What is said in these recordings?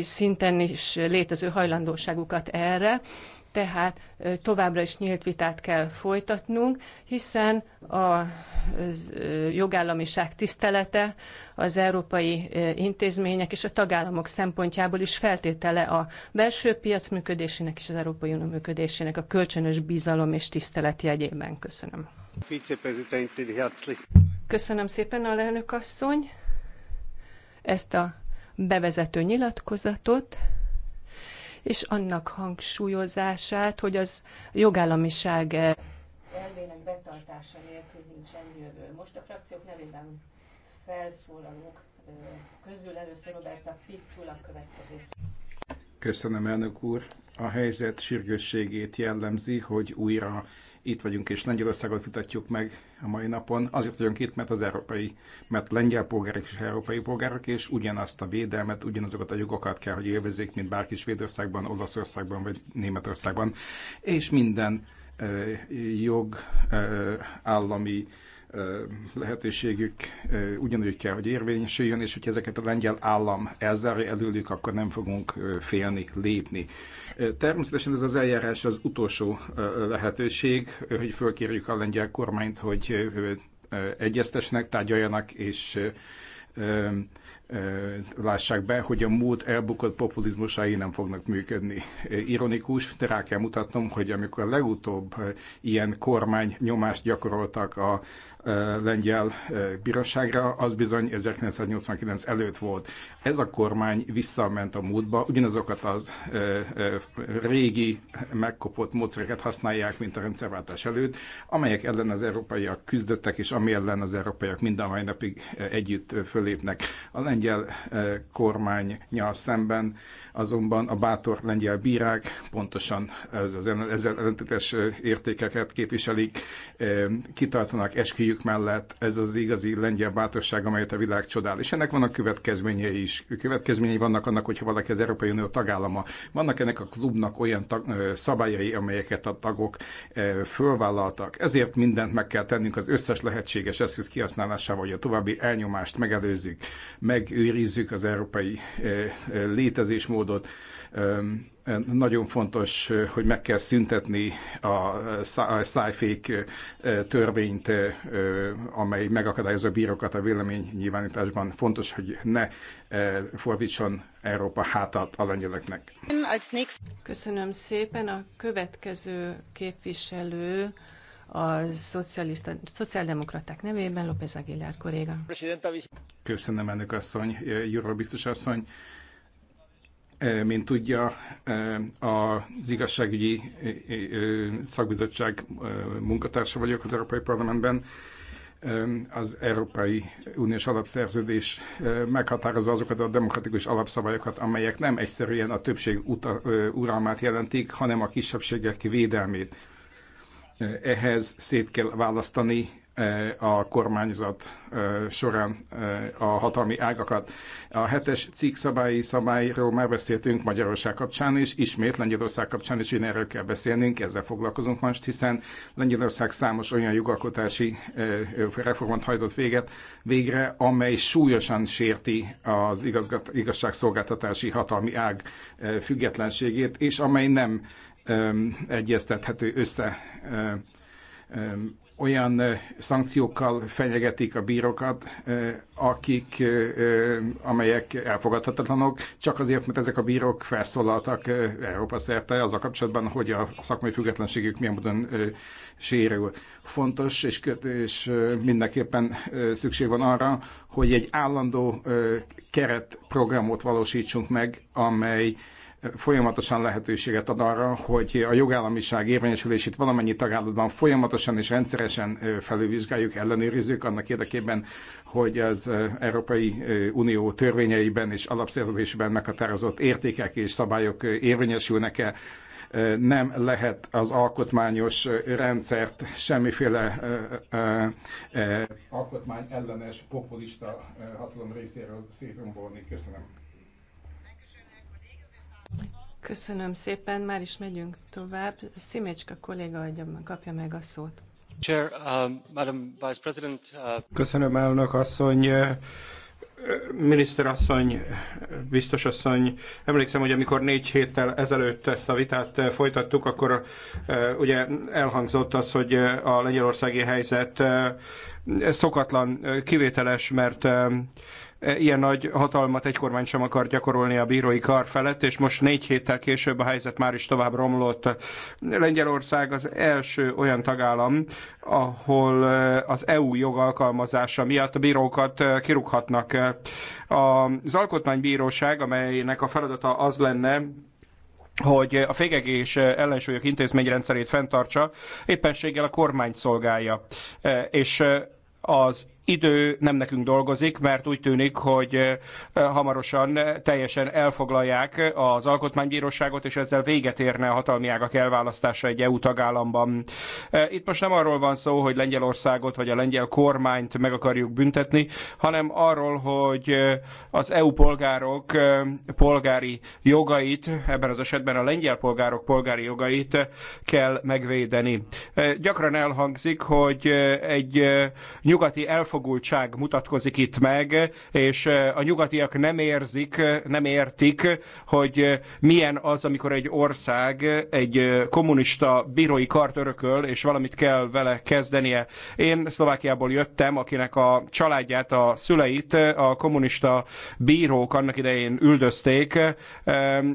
szinten is létező hajlandóságukat erre, tehát továbbra is nyílt vitát kell folytatnunk, hiszen a jogállamiság tisztelete az európai intézmények és a tagállamok szempontjából is feltétele a belső piac működésének és az Európai Unió működésének a kölcsönös bizalom és tisztelet jegyében. Köszönöm. Köszönöm szépen, lelnök asszony, ezt a bevezető nyilatkozatot, és annak hangsúlyozását, hogy az jogállamiság eh, elvének betartása nélkül nincsen jövő. Most a frakciók nevében felszólalók eh, közül először a Pizzula következik. Köszönöm, elnök úr. A helyzet sürgősségét jellemzi, hogy újra itt vagyunk és Lengyelországot vitatjuk meg a mai napon. Azért vagyunk itt, mert az európai, mert lengyel polgárok és európai polgárok, és ugyanazt a védelmet, ugyanazokat a jogokat kell, hogy élvezzék, mint bárki Svédországban, Olaszországban vagy Németországban. És minden jog, állami lehetőségük ugyanúgy kell, hogy érvényesüljön, és hogyha ezeket a lengyel állam elzárja előlük, akkor nem fogunk félni, lépni. Természetesen ez az eljárás az utolsó lehetőség, hogy fölkérjük a lengyel kormányt, hogy egyeztesnek, tárgyaljanak, és lássák be, hogy a múlt elbukott populizmusai nem fognak működni. Ironikus, de rá kell mutatnom, hogy amikor legutóbb ilyen kormány nyomást gyakoroltak a lengyel bíróságra, az bizony 1989 előtt volt. Ez a kormány visszament a múltba, ugyanazokat az régi megkopott módszereket használják, mint a rendszerváltás előtt, amelyek ellen az európaiak küzdöttek, és ami ellen az európaiak mind a mai napig együtt fölépnek. A lengyel kormánynyal szemben azonban a bátor lengyel bírák pontosan ezzel ellentétes értékeket képviselik, kitartanak esküjük Kivéjük mellett ez az igazi lengyel bátorság, amelyet a világ csodál. És ennek vannak következményei is. Következményei vannak annak, hogyha valaki az Európai Unió tagállama. Vannak ennek a klubnak olyan tag, szabályai, amelyeket a tagok fölvállaltak. Ezért mindent meg kell tennünk az összes lehetséges eszköz kihasználásával, hogy a további elnyomást megelőzzük, megőrizzük az európai létezésmódot nagyon fontos, hogy meg kell szüntetni a szájfék törvényt, amely megakadályozza a bírókat a vélemény nyilvánításban. Fontos, hogy ne fordítson Európa hátat a lengyeleknek. Köszönöm szépen. A következő képviselő a szocialista, szociáldemokraták nevében López Aguilar kolléga. Köszönöm, elnök asszony, Juró biztos asszony. Mint tudja, az igazságügyi szakbizottság munkatársa vagyok az Európai Parlamentben. Az Európai Uniós Alapszerződés meghatározza azokat a demokratikus alapszabályokat, amelyek nem egyszerűen a többség uta, uralmát jelentik, hanem a kisebbségek védelmét. Ehhez szét kell választani E, a kormányzat e, során e, a hatalmi ágakat. A hetes cikk szabályi szabályról már beszéltünk Magyarország kapcsán is, ismét Lengyelország kapcsán is én erről kell beszélnünk, ezzel foglalkozunk most, hiszen Lengyelország számos olyan jogalkotási reformot hajtott véget, végre, amely súlyosan sérti az igazgat, igazságszolgáltatási hatalmi ág függetlenségét, és amely nem egyeztethető össze olyan szankciókkal fenyegetik a bírokat, akik, amelyek elfogadhatatlanok, csak azért, mert ezek a bírok felszólaltak Európa szerte Az a kapcsolatban, hogy a szakmai függetlenségük milyen módon sérül. Fontos és, és mindenképpen szükség van arra, hogy egy állandó keretprogramot valósítsunk meg, amely folyamatosan lehetőséget ad arra, hogy a jogállamiság érvényesülését valamennyi tagállamban folyamatosan és rendszeresen felülvizsgáljuk, ellenőrizzük annak érdekében, hogy az Európai Unió törvényeiben és alapszerződésben meghatározott értékek és szabályok érvényesülnek-e, nem lehet az alkotmányos rendszert semmiféle alkotmány ellenes populista hatalom részéről szétrombolni. Köszönöm. Köszönöm szépen, már is megyünk tovább. Szimécska kolléga adja, kapja meg a szót. Chair, um, Madam Vice President, uh... Köszönöm, elnök asszony. Miniszterasszony, biztosasszony, emlékszem, hogy amikor négy héttel ezelőtt ezt a vitát folytattuk, akkor ugye elhangzott az, hogy a lengyelországi helyzet szokatlan, kivételes, mert ilyen nagy hatalmat egy kormány sem akar gyakorolni a bírói kar felett, és most négy héttel később a helyzet már is tovább romlott. Lengyelország az első olyan tagállam, ahol az EU jog alkalmazása miatt a bírókat kirúghatnak. Az alkotmánybíróság, amelynek a feladata az lenne, hogy a fékek és ellensúlyok intézményrendszerét fenntartsa, éppenséggel a kormány szolgálja. És az idő nem nekünk dolgozik, mert úgy tűnik, hogy eh, hamarosan eh, teljesen elfoglalják az alkotmánybíróságot, és ezzel véget érne a hatalmi ágak elválasztása egy EU tagállamban. Eh, itt most nem arról van szó, hogy Lengyelországot vagy a lengyel kormányt meg akarjuk büntetni, hanem arról, hogy az EU polgárok polgári jogait, ebben az esetben a lengyel polgárok polgári jogait kell megvédeni. Gyakran elhangzik, hogy egy nyugati elfoglalás elfogultság mutatkozik itt meg, és a nyugatiak nem érzik, nem értik, hogy milyen az, amikor egy ország egy kommunista bírói kart örököl, és valamit kell vele kezdenie. Én Szlovákiából jöttem, akinek a családját, a szüleit a kommunista bírók annak idején üldözték.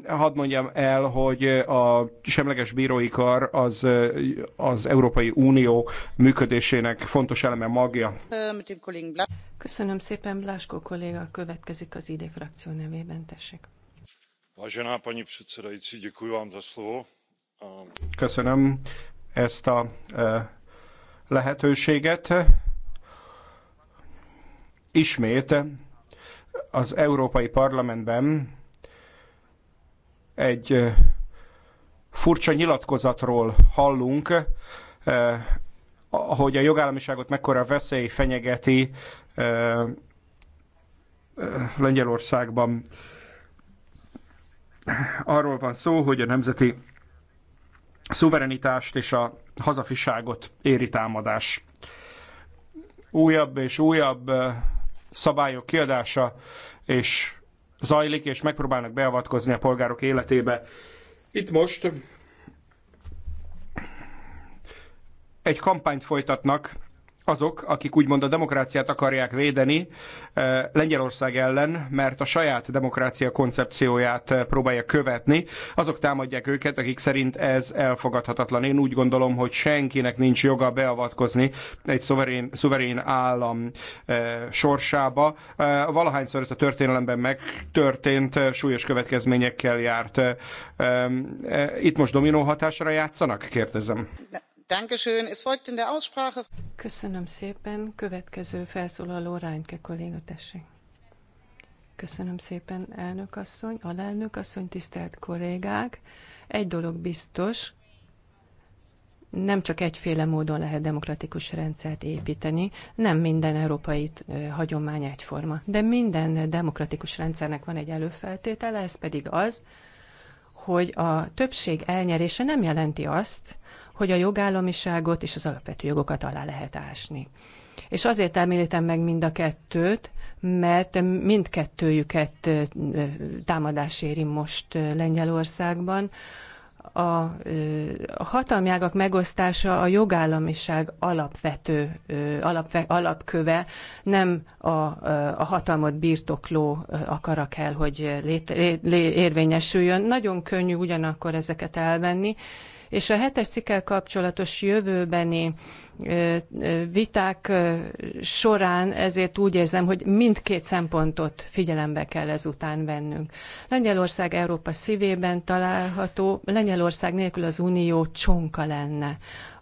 Hadd mondjam el, hogy a semleges bírói kar az, az Európai Unió működésének fontos eleme magja. Köszönöm szépen, Blaskó kolléga következik az ID frakció nevében, tessék. Vážená paní předsedající, děkuji vám za slovo. Köszönöm ezt a e, lehetőséget. Ismét az Európai Parlamentben egy e, furcsa nyilatkozatról hallunk, e, hogy a jogállamiságot mekkora veszély fenyegeti Lengyelországban. Arról van szó, hogy a nemzeti szuverenitást és a hazafiságot éri támadás. Újabb és újabb szabályok kiadása és zajlik, és megpróbálnak beavatkozni a polgárok életébe. Itt most egy kampányt folytatnak azok, akik úgymond a demokráciát akarják védeni eh, Lengyelország ellen, mert a saját demokrácia koncepcióját eh, próbálja követni, azok támadják őket, akik szerint ez elfogadhatatlan. Én úgy gondolom, hogy senkinek nincs joga beavatkozni egy szuverén, szuverén állam eh, sorsába. Valahányszor ez a történelemben megtörtént, súlyos következményekkel járt. Itt most dominó hatásra játszanak? Kérdezem. De Köszönöm szépen. Következő felszólaló Reinke kolléga, tessék. Köszönöm szépen, elnök asszony, alelnök asszony, tisztelt kollégák. Egy dolog biztos, nem csak egyféle módon lehet demokratikus rendszert építeni, nem minden európai hagyomány egyforma, de minden demokratikus rendszernek van egy előfeltétele, ez pedig az, hogy a többség elnyerése nem jelenti azt, hogy a jogállamiságot és az alapvető jogokat alá lehet ásni. És azért említem meg mind a kettőt, mert mindkettőjüket támadás éri most Lengyelországban. A, a megosztása a jogállamiság alapvető alapve, alapköve, nem a, a hatalmat birtokló akara kell, hogy lét, lé, lé, érvényesüljön. Nagyon könnyű ugyanakkor ezeket elvenni, és a hetes cikkel kapcsolatos jövőbeni viták során ezért úgy érzem, hogy mindkét szempontot figyelembe kell ezután vennünk. Lengyelország Európa szívében található, Lengyelország nélkül az Unió csonka lenne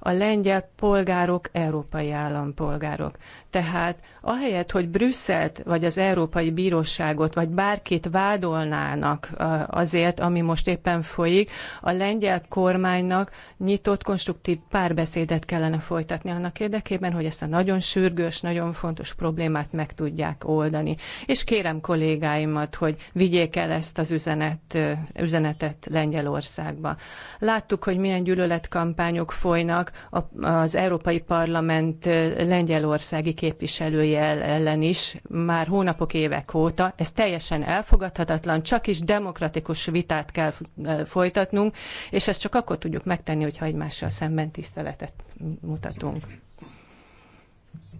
a lengyel polgárok európai állampolgárok. Tehát ahelyett, hogy Brüsszelt vagy az Európai Bíróságot vagy bárkit vádolnának azért, ami most éppen folyik, a lengyel kormánynak nyitott, konstruktív párbeszédet kellene folytatni annak érdekében, hogy ezt a nagyon sürgős, nagyon fontos problémát meg tudják oldani. És kérem kollégáimat, hogy vigyék el ezt az üzenet, üzenetet Lengyelországba. Láttuk, hogy milyen gyűlöletkampányok folynak, az Európai Parlament lengyelországi képviselője ellen is már hónapok, évek óta. Ez teljesen elfogadhatatlan, csak is demokratikus vitát kell folytatnunk, és ezt csak akkor tudjuk megtenni, hogyha egymással szemben tiszteletet mutatunk.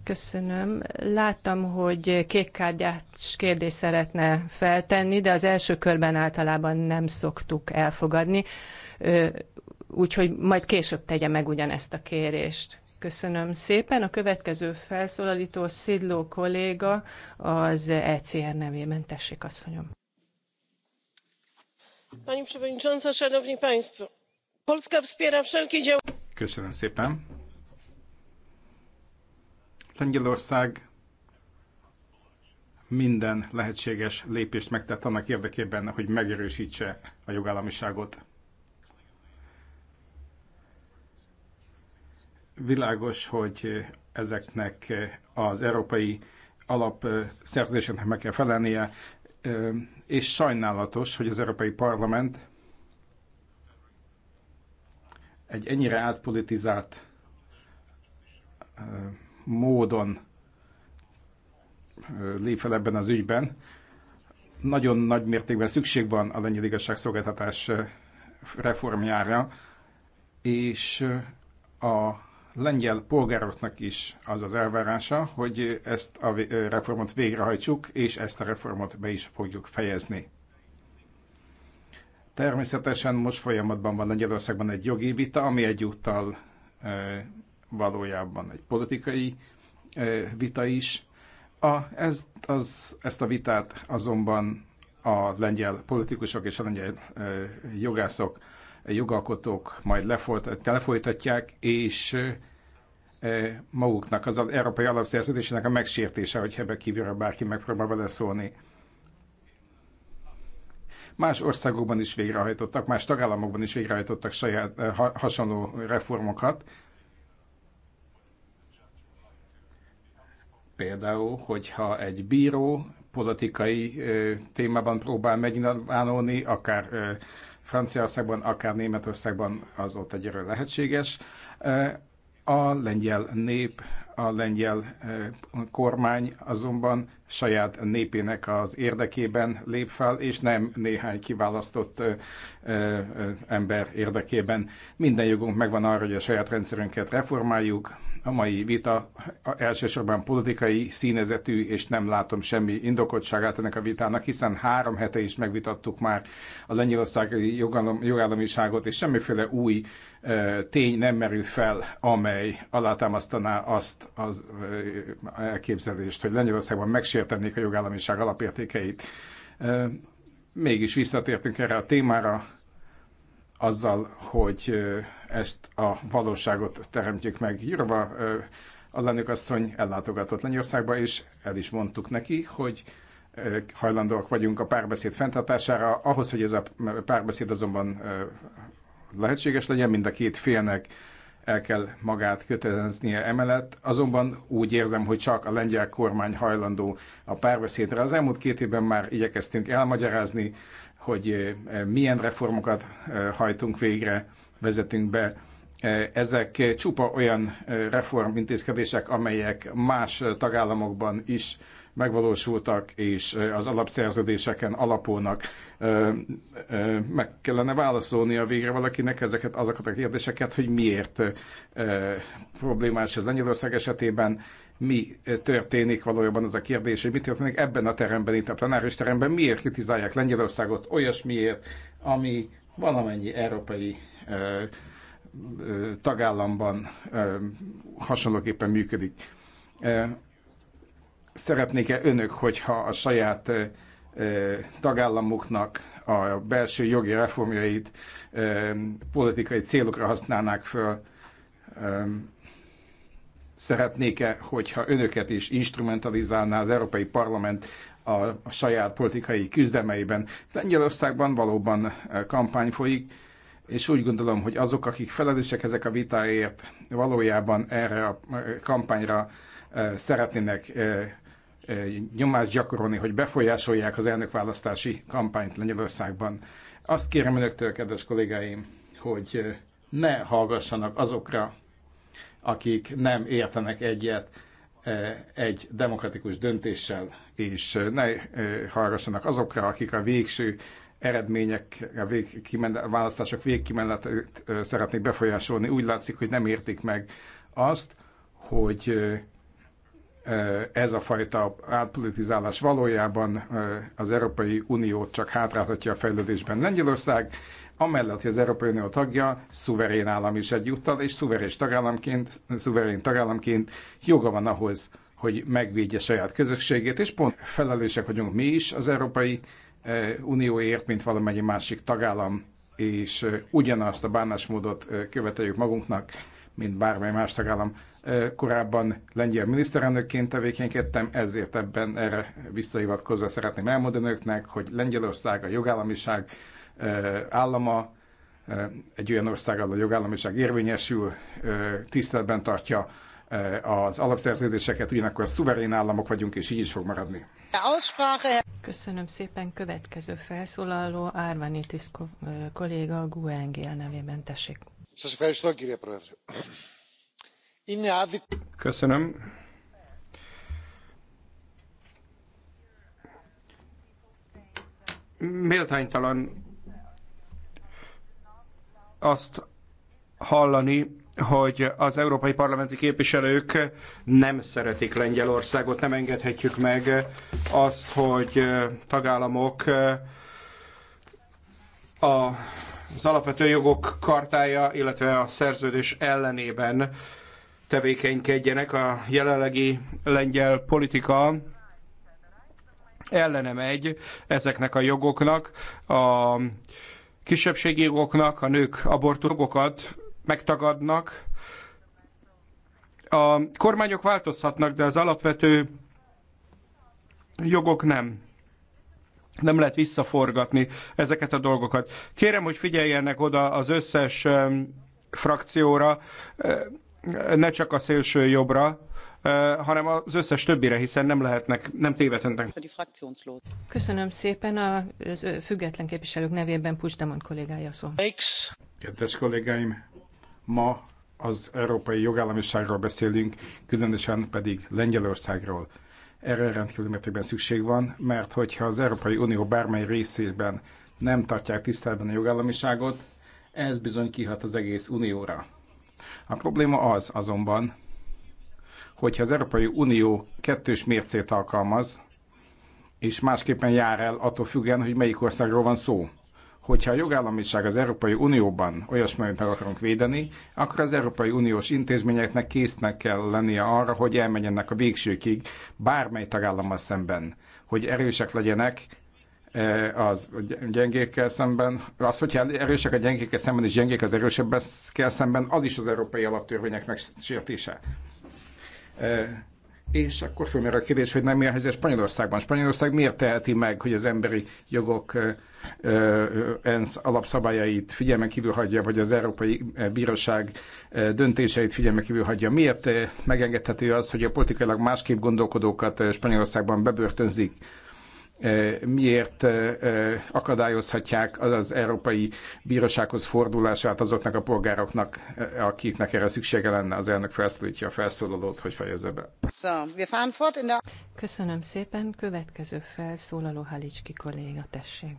Köszönöm. Láttam, hogy kékkártyás kérdést szeretne feltenni, de az első körben általában nem szoktuk elfogadni úgyhogy majd később tegye meg ugyanezt a kérést. Köszönöm szépen. A következő felszólalító Szidló kolléga az ECR nevében. Tessék, asszonyom. Pani Przewodnicząca, Szanowni Państwo! Polska wspiera wszelkie działania... Köszönöm szépen. Lengyelország minden lehetséges lépést megtett annak érdekében, hogy megerősítse a jogállamiságot Világos, hogy ezeknek az európai alapszerződéseknek meg kell felelnie, és sajnálatos, hogy az Európai Parlament egy ennyire átpolitizált módon lép fel ebben az ügyben. Nagyon nagy mértékben szükség van a lengyel igazságszolgáltatás reformjára, és a lengyel polgároknak is az az elvárása, hogy ezt a reformot végrehajtsuk, és ezt a reformot be is fogjuk fejezni. Természetesen most folyamatban van Lengyelországban egy jogi vita, ami egyúttal e, valójában egy politikai e, vita is. A, ezt, az, ezt a vitát azonban a lengyel politikusok és a lengyel e, jogászok jogalkotók majd lefolytatják, és maguknak az Európai Alapszerződésének a megsértése, hogy ebbe kívülről bárki megpróbál beleszólni. Más országokban is végrehajtottak, más tagállamokban is végrehajtottak saját, hasonló reformokat, például, hogyha egy bíró politikai ö, témában próbál megnyilvánulni, akár ö, Franciaországban, akár Németországban az ott egyre lehetséges. A lengyel nép, a lengyel kormány azonban saját népének az érdekében lép fel, és nem néhány kiválasztott ember érdekében. Minden jogunk megvan arra, hogy a saját rendszerünket reformáljuk, a mai vita elsősorban politikai színezetű, és nem látom semmi indokottságát ennek a vitának, hiszen három hete is megvitattuk már a lengyelországi jogállom, jogállamiságot, és semmiféle új tény nem merült fel, amely alátámasztaná azt az elképzelést, hogy Lengyelországban megsértenék a jogállamiság alapértékeit. mégis visszatértünk erre a témára, azzal, hogy ezt a valóságot teremtjük meg. Jurva alelnök asszony ellátogatott Lengyországba, és el is mondtuk neki, hogy hajlandóak vagyunk a párbeszéd fenntartására. Ahhoz, hogy ez a párbeszéd azonban lehetséges legyen, mind a két félnek el kell magát köteleznie emellett. Azonban úgy érzem, hogy csak a lengyel kormány hajlandó a párbeszédre. Az elmúlt két évben már igyekeztünk elmagyarázni, hogy eh, milyen reformokat eh, hajtunk végre, vezetünk be. Eh, ezek csupa olyan reformintézkedések, amelyek más tagállamokban is megvalósultak és az alapszerződéseken alapulnak. Meg kellene válaszolnia végre valakinek ezeket, azokat a kérdéseket, hogy miért problémás ez Lengyelország esetében, mi történik valójában az a kérdés, hogy mi történik ebben a teremben, itt a plenáris teremben, miért kritizálják Lengyelországot olyasmiért, ami valamennyi európai ö, ö, tagállamban ö, hasonlóképpen működik. Szeretnék-e önök, hogyha a saját tagállamuknak a belső jogi reformjait politikai célokra használnák föl? Szeretnék-e, hogyha önöket is instrumentalizálná az Európai Parlament a, a saját politikai küzdemeiben? Lengyelországban valóban kampány folyik, és úgy gondolom, hogy azok, akik felelősek ezek a vitáért, valójában erre a kampányra szeretnének nyomást gyakorolni, hogy befolyásolják az elnökválasztási kampányt Lengyelországban. Azt kérem önöktől, kedves kollégáim, hogy ne hallgassanak azokra, akik nem értenek egyet egy demokratikus döntéssel, és ne hallgassanak azokra, akik a végső eredmények, a választások végkimenetét szeretnék befolyásolni. Úgy látszik, hogy nem értik meg azt, hogy ez a fajta átpolitizálás valójában az Európai Uniót csak hátráltatja a fejlődésben. Lengyelország amellett, hogy az Európai Unió tagja, szuverén állam is egyúttal, és szuverén tagállamként, szuverén tagállamként joga van ahhoz, hogy megvédje saját közösségét, és pont felelősek vagyunk mi is az Európai Unióért, mint valamennyi másik tagállam, és ugyanazt a bánásmódot követeljük magunknak, mint bármely más tagállam. Korábban lengyel miniszterelnökként tevékenykedtem, ezért ebben erre visszahivatkozva szeretném elmondani önöknek, hogy Lengyelország a jogállamiság állama, egy olyan ország, ahol a jogállamiság érvényesül, tiszteletben tartja az alapszerződéseket, ugyanakkor szuverén államok vagyunk, és így is fog maradni. Köszönöm szépen. Következő felszólaló Árvani Tiszko kolléga a GUE nevében tessék. Köszönöm, Köszönöm. Méltánytalan azt hallani, hogy az európai parlamenti képviselők nem szeretik Lengyelországot, nem engedhetjük meg azt, hogy tagállamok az alapvető jogok kartája, illetve a szerződés ellenében tevékenykedjenek. A jelenlegi lengyel politika ellene megy ezeknek a jogoknak, a kisebbségi jogoknak, a nők abortusokat megtagadnak. A kormányok változhatnak, de az alapvető jogok nem. Nem lehet visszaforgatni ezeket a dolgokat. Kérem, hogy figyeljenek oda az összes frakcióra ne csak a szélső jobbra, eh, hanem az összes többire, hiszen nem lehetnek, nem tévedhetnek. Köszönöm szépen a független képviselők nevében Pusdemon kollégája szó. Kedves kollégáim, ma az európai jogállamiságról beszélünk, különösen pedig Lengyelországról. Erre rendkívül mértékben szükség van, mert hogyha az Európai Unió bármely részében nem tartják tisztában a jogállamiságot, ez bizony kihat az egész unióra a probléma az azonban, hogyha az Európai Unió kettős mércét alkalmaz, és másképpen jár el attól függően, hogy melyik országról van szó. Hogyha a jogállamiság az Európai Unióban olyasmit meg akarunk védeni, akkor az Európai Uniós intézményeknek késznek kell lennie arra, hogy elmenjenek a végsőkig bármely tagállammal szemben, hogy erősek legyenek, E, az gyengékkel szemben, az, hogyha erősek a gyengékkel szemben, és gyengék az erősebbekkel szemben, az is az európai alaptörvények megsértése. E, és akkor fölmerül a kérdés, hogy nem mi a helyzet Spanyolországban. Spanyolország miért teheti meg, hogy az emberi jogok e, ENSZ alapszabályait figyelmen kívül hagyja, vagy az Európai Bíróság döntéseit figyelmen kívül hagyja? Miért megengedhető az, hogy a politikailag másképp gondolkodókat Spanyolországban bebörtönzik? miért akadályozhatják az Európai Bírósághoz fordulását azoknak a polgároknak, akiknek erre szüksége lenne. Az elnök felszólítja a felszólalót, hogy fejezze be. Köszönöm szépen. Következő felszólaló Halicski kolléga, tessék.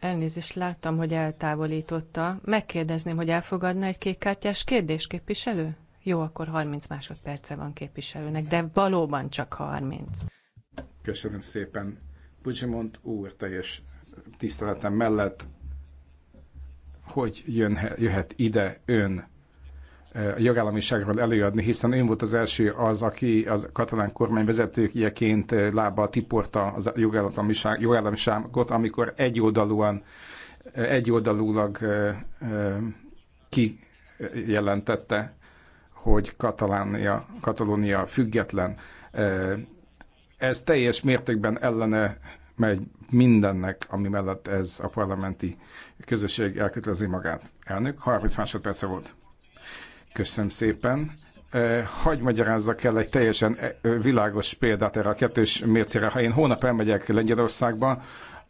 Elnézést láttam, hogy eltávolította. Megkérdezném, hogy elfogadna egy kékkártyás kérdés, képviselő? Jó, akkor 30 másodperce van képviselőnek, de valóban csak 30. Köszönöm szépen. Pucsimont úr, teljes tiszteletem mellett, hogy jön, jöhet ide ön eh, a jogállamiságról előadni, hiszen ön volt az első az, aki az katalán kormány vezetőjeként eh, lába tiporta az jogállamiság, jogállamiságot, amikor egyoldalúan, eh, egyoldalúlag kijelentette hogy Katalánia, Katalónia független. Ez teljes mértékben ellene megy mindennek, ami mellett ez a parlamenti közösség elkötelezi magát. Elnök, 30 másodperce volt. Köszönöm szépen. Hagy magyarázzak el egy teljesen világos példát erre a kettős mércére. Ha én hónap elmegyek Lengyelországba,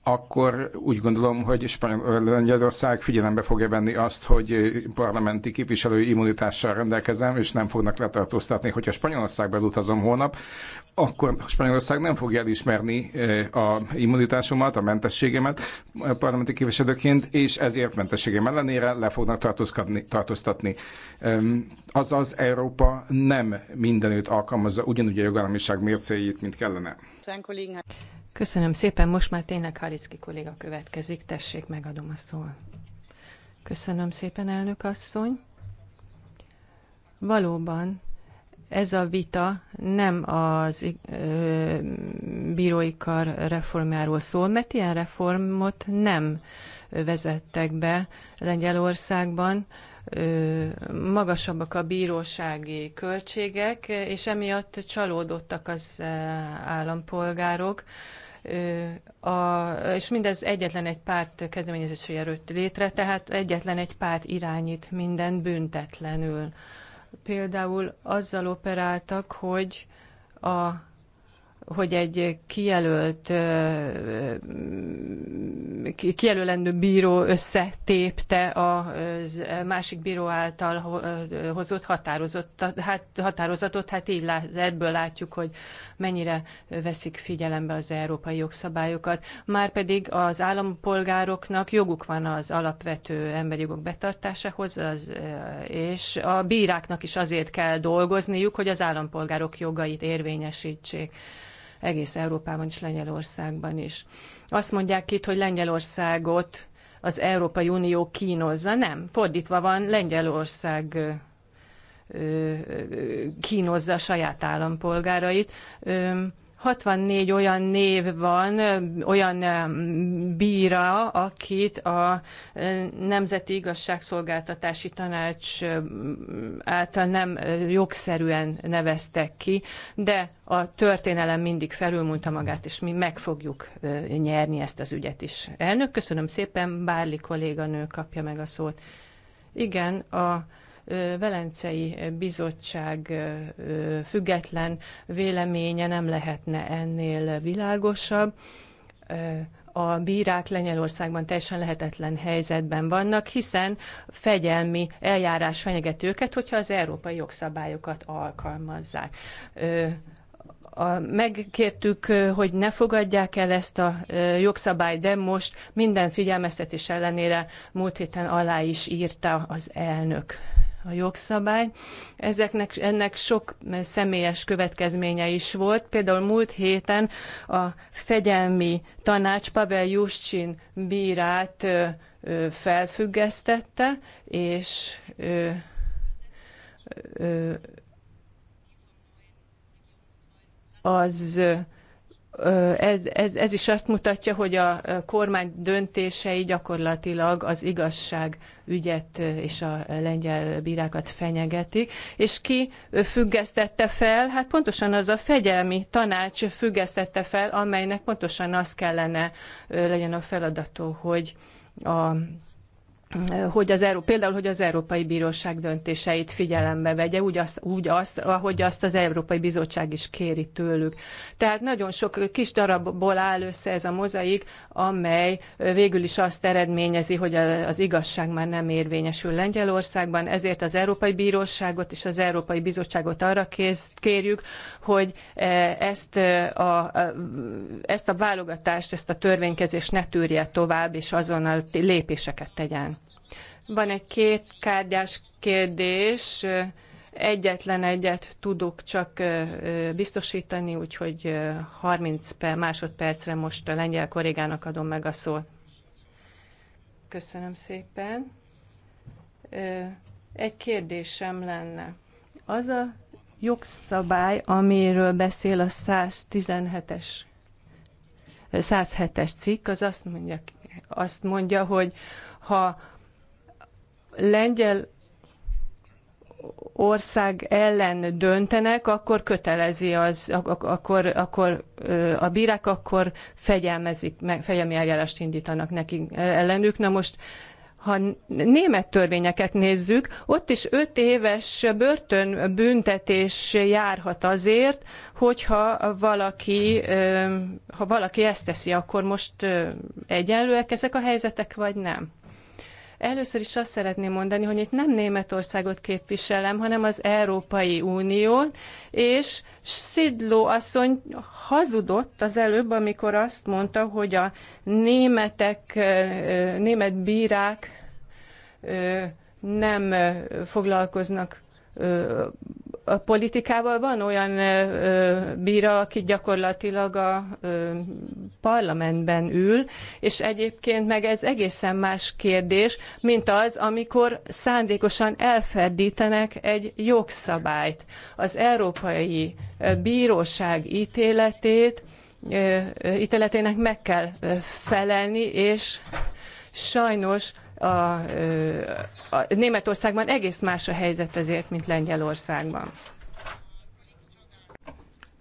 akkor úgy gondolom, hogy Spanyolország figyelembe fogja venni azt, hogy parlamenti képviselői immunitással rendelkezem, és nem fognak letartóztatni. Hogyha Spanyolországba utazom holnap, akkor Spanyolország nem fogja elismerni eh, a immunitásomat, a mentességemet a parlamenti képviselőként, és ezért mentességem ellenére le fognak tartóztatni. Azaz Európa nem mindenütt alkalmazza ugyanúgy a jogállamiság mércéjét, mint kellene. Köszönöm szépen, most már tényleg Halicki kolléga következik, tessék, megadom a szól. Köszönöm szépen, elnök asszony. Valóban ez a vita nem az ö, bírói kar reformjáról szól, mert ilyen reformot nem vezettek be Lengyelországban magasabbak a bírósági költségek, és emiatt csalódottak az állampolgárok. A, és mindez egyetlen egy párt kezdeményezésre jött létre, tehát egyetlen egy párt irányít minden büntetlenül. Például azzal operáltak, hogy a hogy egy kijelölt, kijelölendő bíró összetépte a másik bíró által hozott határozottat, hát, határozatot. Hát így lát, ebből látjuk, hogy mennyire veszik figyelembe az európai jogszabályokat. Márpedig az állampolgároknak joguk van az alapvető emberi jogok betartásához, az, és a bíráknak is azért kell dolgozniuk, hogy az állampolgárok jogait érvényesítsék egész Európában és Lengyelországban is. Azt mondják itt, hogy Lengyelországot az Európai Unió kínozza. Nem, fordítva van, Lengyelország kínozza a saját állampolgárait. 64 olyan név van, olyan bíra, akit a Nemzeti Igazságszolgáltatási Tanács által nem jogszerűen neveztek ki, de a történelem mindig felülmúlta magát, és mi meg fogjuk nyerni ezt az ügyet is. Elnök, köszönöm szépen, Bárli kolléganő kapja meg a szót. Igen, a Velencei Bizottság független véleménye nem lehetne ennél világosabb a bírák Lengyelországban teljesen lehetetlen helyzetben vannak, hiszen fegyelmi eljárás fenyeget őket, hogyha az európai jogszabályokat alkalmazzák. A, megkértük, hogy ne fogadják el ezt a jogszabályt, de most minden figyelmeztetés ellenére múlt héten alá is írta az elnök a jogszabály. Ezeknek, ennek sok személyes következménye is volt. Például múlt héten a fegyelmi tanács Pavel Juscsin bírát ö, ö, felfüggesztette, és ö, az ez, ez, ez is azt mutatja, hogy a kormány döntései gyakorlatilag az igazság ügyet és a lengyel bírákat fenyegetik. És ki függesztette fel? Hát pontosan az a fegyelmi tanács függesztette fel, amelynek pontosan az kellene legyen a feladató, hogy a hogy az Euró, például, hogy az Európai Bíróság döntéseit figyelembe vegye, úgy azt, úgy azt, ahogy azt az Európai Bizottság is kéri tőlük. Tehát nagyon sok kis darabból áll össze ez a mozaik, amely végül is azt eredményezi, hogy az igazság már nem érvényesül Lengyelországban, ezért az Európai Bíróságot és az Európai Bizottságot arra kérjük, hogy e, ezt e, a, e, ezt a válogatást, ezt a törvénykezést ne tűrje tovább, és azonnal lépéseket tegyen. Van egy két kárgyás kérdés, egyetlen egyet tudok csak biztosítani, úgyhogy 30 másodpercre most a lengyel kollégának adom meg a szót. Köszönöm szépen. Egy kérdésem lenne. Az a jogszabály, amiről beszél a 117-es 107-es cikk, az azt mondja, azt mondja hogy ha lengyel ország ellen döntenek, akkor kötelezi az, akkor, akkor a bírák akkor fegyelmezik, fegyelmi eljárást indítanak nekik ellenük. Na most ha német törvényeket nézzük, ott is öt éves börtönbüntetés járhat azért, hogyha valaki, ha valaki ezt teszi, akkor most egyenlőek ezek a helyzetek, vagy nem? Először is azt szeretném mondani, hogy itt nem Németországot képviselem, hanem az Európai Uniót, és Szidló asszony hazudott az előbb, amikor azt mondta, hogy a németek, német bírák nem foglalkoznak a politikával van olyan bíra, aki gyakorlatilag a parlamentben ül, és egyébként meg ez egészen más kérdés, mint az, amikor szándékosan elferdítenek egy jogszabályt. Az Európai Bíróság ítéletét, ítéletének meg kell felelni, és sajnos a, a Németországban egész más a helyzet ezért, mint Lengyelországban.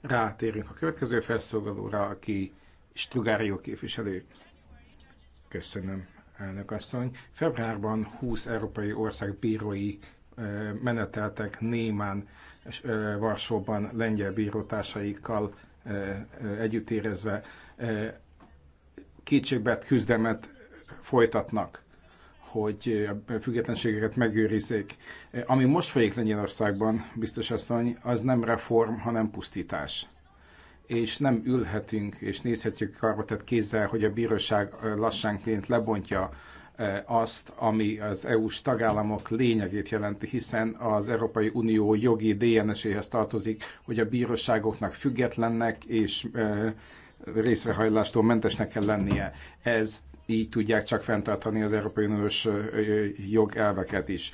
Rátérünk a következő felszólalóra, aki Strugárió képviselő. Köszönöm, elnök asszony. Februárban 20 európai ország bírói meneteltek Némán Varsóban lengyel bírótársaikkal együttérezve kétségbet küzdemet folytatnak hogy a függetlenségeket megőrizzék. Ami most folyik Lengyelországban, biztos asszony, az nem reform, hanem pusztítás. És nem ülhetünk és nézhetjük tett kézzel, hogy a bíróság lassánként lebontja e, azt, ami az EU-s tagállamok lényegét jelenti, hiszen az Európai Unió jogi DNS-éhez tartozik, hogy a bíróságoknak függetlennek és e, részrehajlástól mentesnek kell lennie. Ez így tudják csak fenntartani az Európai Uniós jogelveket is.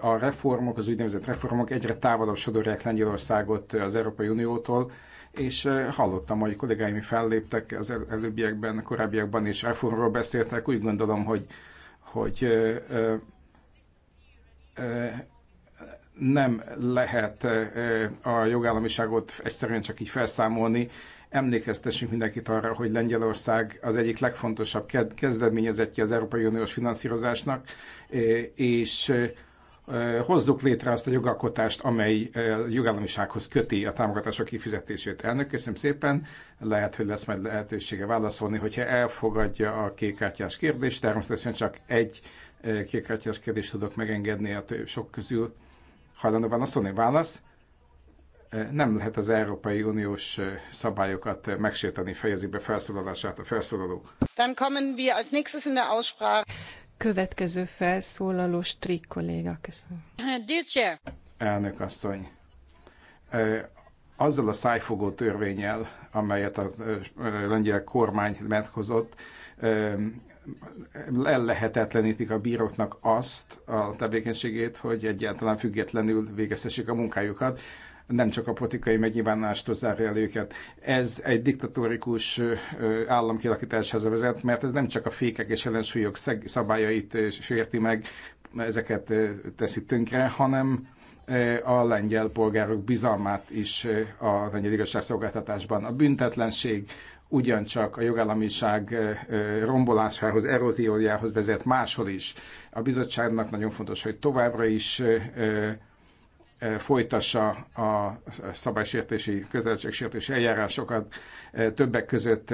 A reformok, az úgynevezett reformok egyre távolabb sodorják Lengyelországot az Európai Uniótól, és hallottam, hogy kollégáim felléptek az előbbiekben, korábbiakban is reformról beszéltek, úgy gondolom, hogy, hogy nem lehet a jogállamiságot egyszerűen csak így felszámolni, Emlékeztessünk mindenkit arra, hogy Lengyelország az egyik legfontosabb kezdeményezetje az Európai Uniós finanszírozásnak, eh, és eh, eh, hozzuk létre azt a jogalkotást, amely jogállamisághoz köti a támogatások kifizetését. Elnök, köszönöm szépen, lehet, hogy lesz majd lehetősége válaszolni, hogyha elfogadja a kékkártyás kérdést, természetesen csak egy kékkártyás kérdést tudok megengedni a sok közül. Hajlandó válaszolni? Válasz? nem lehet az Európai Uniós szabályokat megsérteni, fejezi be felszólalását a felszólaló. Dann kommen wir als nächstes in der Aussprache. Következő felszólaló Strik kolléga, köszönöm. Dear Chair. Elnök asszony, azzal a szájfogó törvényel, amelyet a lengyel kormány meghozott, ellehetetlenítik a bíróknak azt a tevékenységét, hogy egyáltalán függetlenül végeztessék a munkájukat nem csak a politikai megnyilvánulástól zárja el őket. Ez egy diktatórikus államkialakításhoz vezet, mert ez nem csak a fékek és ellensúlyok szabályait sérti meg, ezeket teszi tönkre, hanem a lengyel polgárok bizalmát is a lengyel igazságszolgáltatásban. A büntetlenség ugyancsak a jogállamiság rombolásához, eróziójához vezet máshol is. A bizottságnak nagyon fontos, hogy továbbra is folytassa a szabálysértési, kötelezettségsértési eljárásokat többek között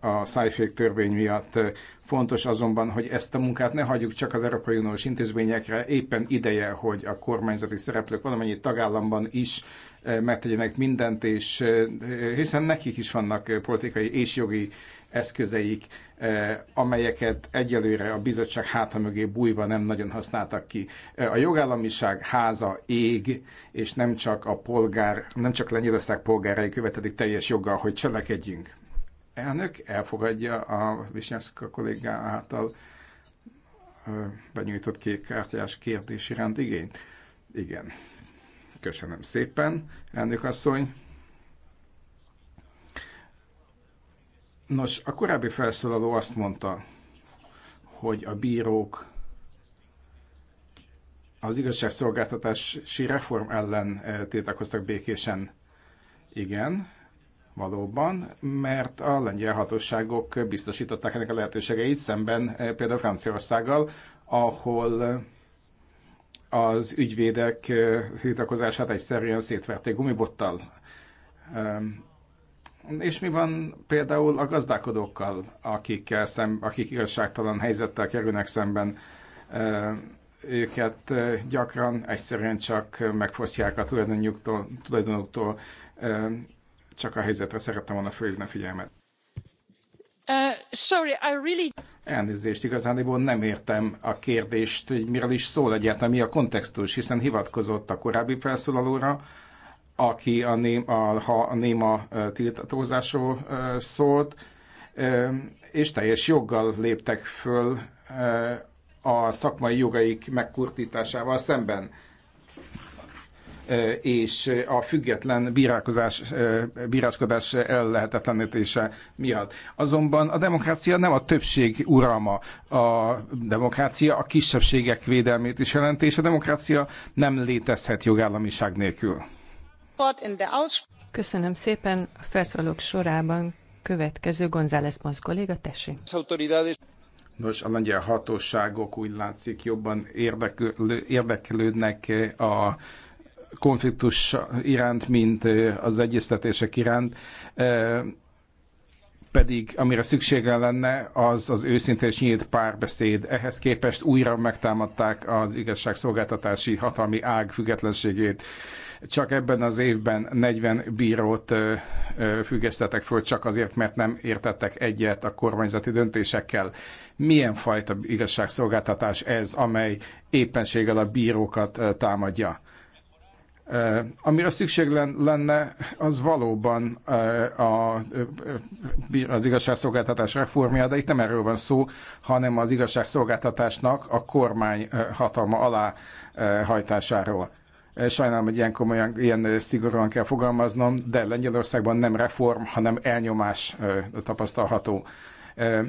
a szájfék törvény miatt. Fontos azonban, hogy ezt a munkát ne hagyjuk csak az Európai Uniós intézményekre, éppen ideje, hogy a kormányzati szereplők valamennyi tagállamban is megtegyenek mindent, és hiszen nekik is vannak politikai és jogi eszközeik Eh, amelyeket egyelőre a bizottság háta mögé bújva nem nagyon használtak ki. Eh, a jogállamiság háza ég, és nem csak a polgár, nem csak Lengyelország polgárai követelik teljes joggal, hogy cselekedjünk. Elnök elfogadja a Visnyászka kollégá által eh, benyújtott kártyás kérdési rendigényt? Igen. Köszönöm szépen, elnök asszony. Nos, a korábbi felszólaló azt mondta, hogy a bírók az igazságszolgáltatási reform ellen eh, tiltakoztak békésen. Igen, valóban, mert a lengyel hatóságok biztosították ennek a lehetőségeit szemben eh, például Franciaországgal, ahol eh, az ügyvédek tiltakozását egyszerűen szétverték gumibottal. Ehm, és mi van például a gazdálkodókkal, akikkel szem, akik igazságtalan helyzettel kerülnek szemben, őket gyakran egyszerűen csak megfosztják a tulajdonoktól csak a helyzetre szerettem volna fölhívni a figyelmet. Uh, sorry, I really... Elnézést, igazániból nem értem a kérdést, hogy miről is szól egyáltalán, mi a kontextus, hiszen hivatkozott a korábbi felszólalóra, aki a, ném, a, a néma tiltatózásról szólt, és teljes joggal léptek föl a szakmai jogaik megkurtításával szemben és a független bírálkozás, bíráskodás ellehetetlenítése miatt. Azonban a demokrácia nem a többség uralma, a demokrácia a kisebbségek védelmét is jelenti, és a demokrácia nem létezhet jogállamiság nélkül. Köszönöm szépen. A sorában következő González Mosz kolléga, tessék. Nos, a lengyel hatóságok úgy látszik jobban érdeklődnek eh, a konfliktus iránt, mint eh, az egyeztetések iránt eh, pedig amire szüksége lenne, az az őszinte és nyílt párbeszéd. Ehhez képest újra megtámadták az igazságszolgáltatási hatalmi ág függetlenségét. Csak ebben az évben 40 bírót függesztetek föl, csak azért, mert nem értettek egyet a kormányzati döntésekkel. Milyen fajta igazságszolgáltatás ez, amely éppenséggel a bírókat támadja? Amire szükség lenne, az valóban a, az igazságszolgáltatás reformja, de itt nem erről van szó, hanem az igazságszolgáltatásnak a kormány hatalma alá hajtásáról. Eh, sajnálom, hogy ilyen komolyan, ilyen eh, szigorúan kell fogalmaznom, de Lengyelországban nem reform, hanem elnyomás eh, tapasztalható.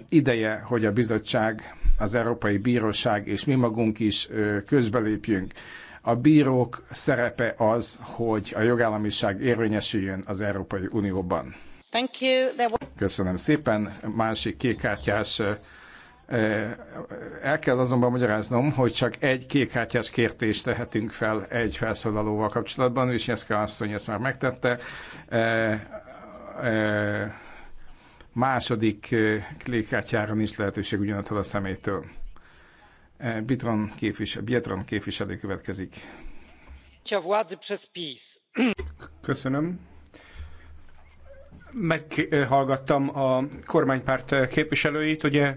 Ideje, hogy a bizottság, az Európai Bíróság és mi magunk is közbelépjünk. A bírók szerepe az, hogy a jogállamiság érvényesüljön az Európai Unióban. Köszönöm szépen. Másik kékkártyás el kell azonban magyaráznom, hogy csak egy kékkártyás kértést tehetünk fel egy felszólalóval kapcsolatban, és Jeszke asszony ezt már megtette. Második kékkártyára nincs lehetőség ugyanattal a szemétől. Bitron képviselő, Bietron képviselő következik. Köszönöm meghallgattam a kormánypárt képviselőit, ugye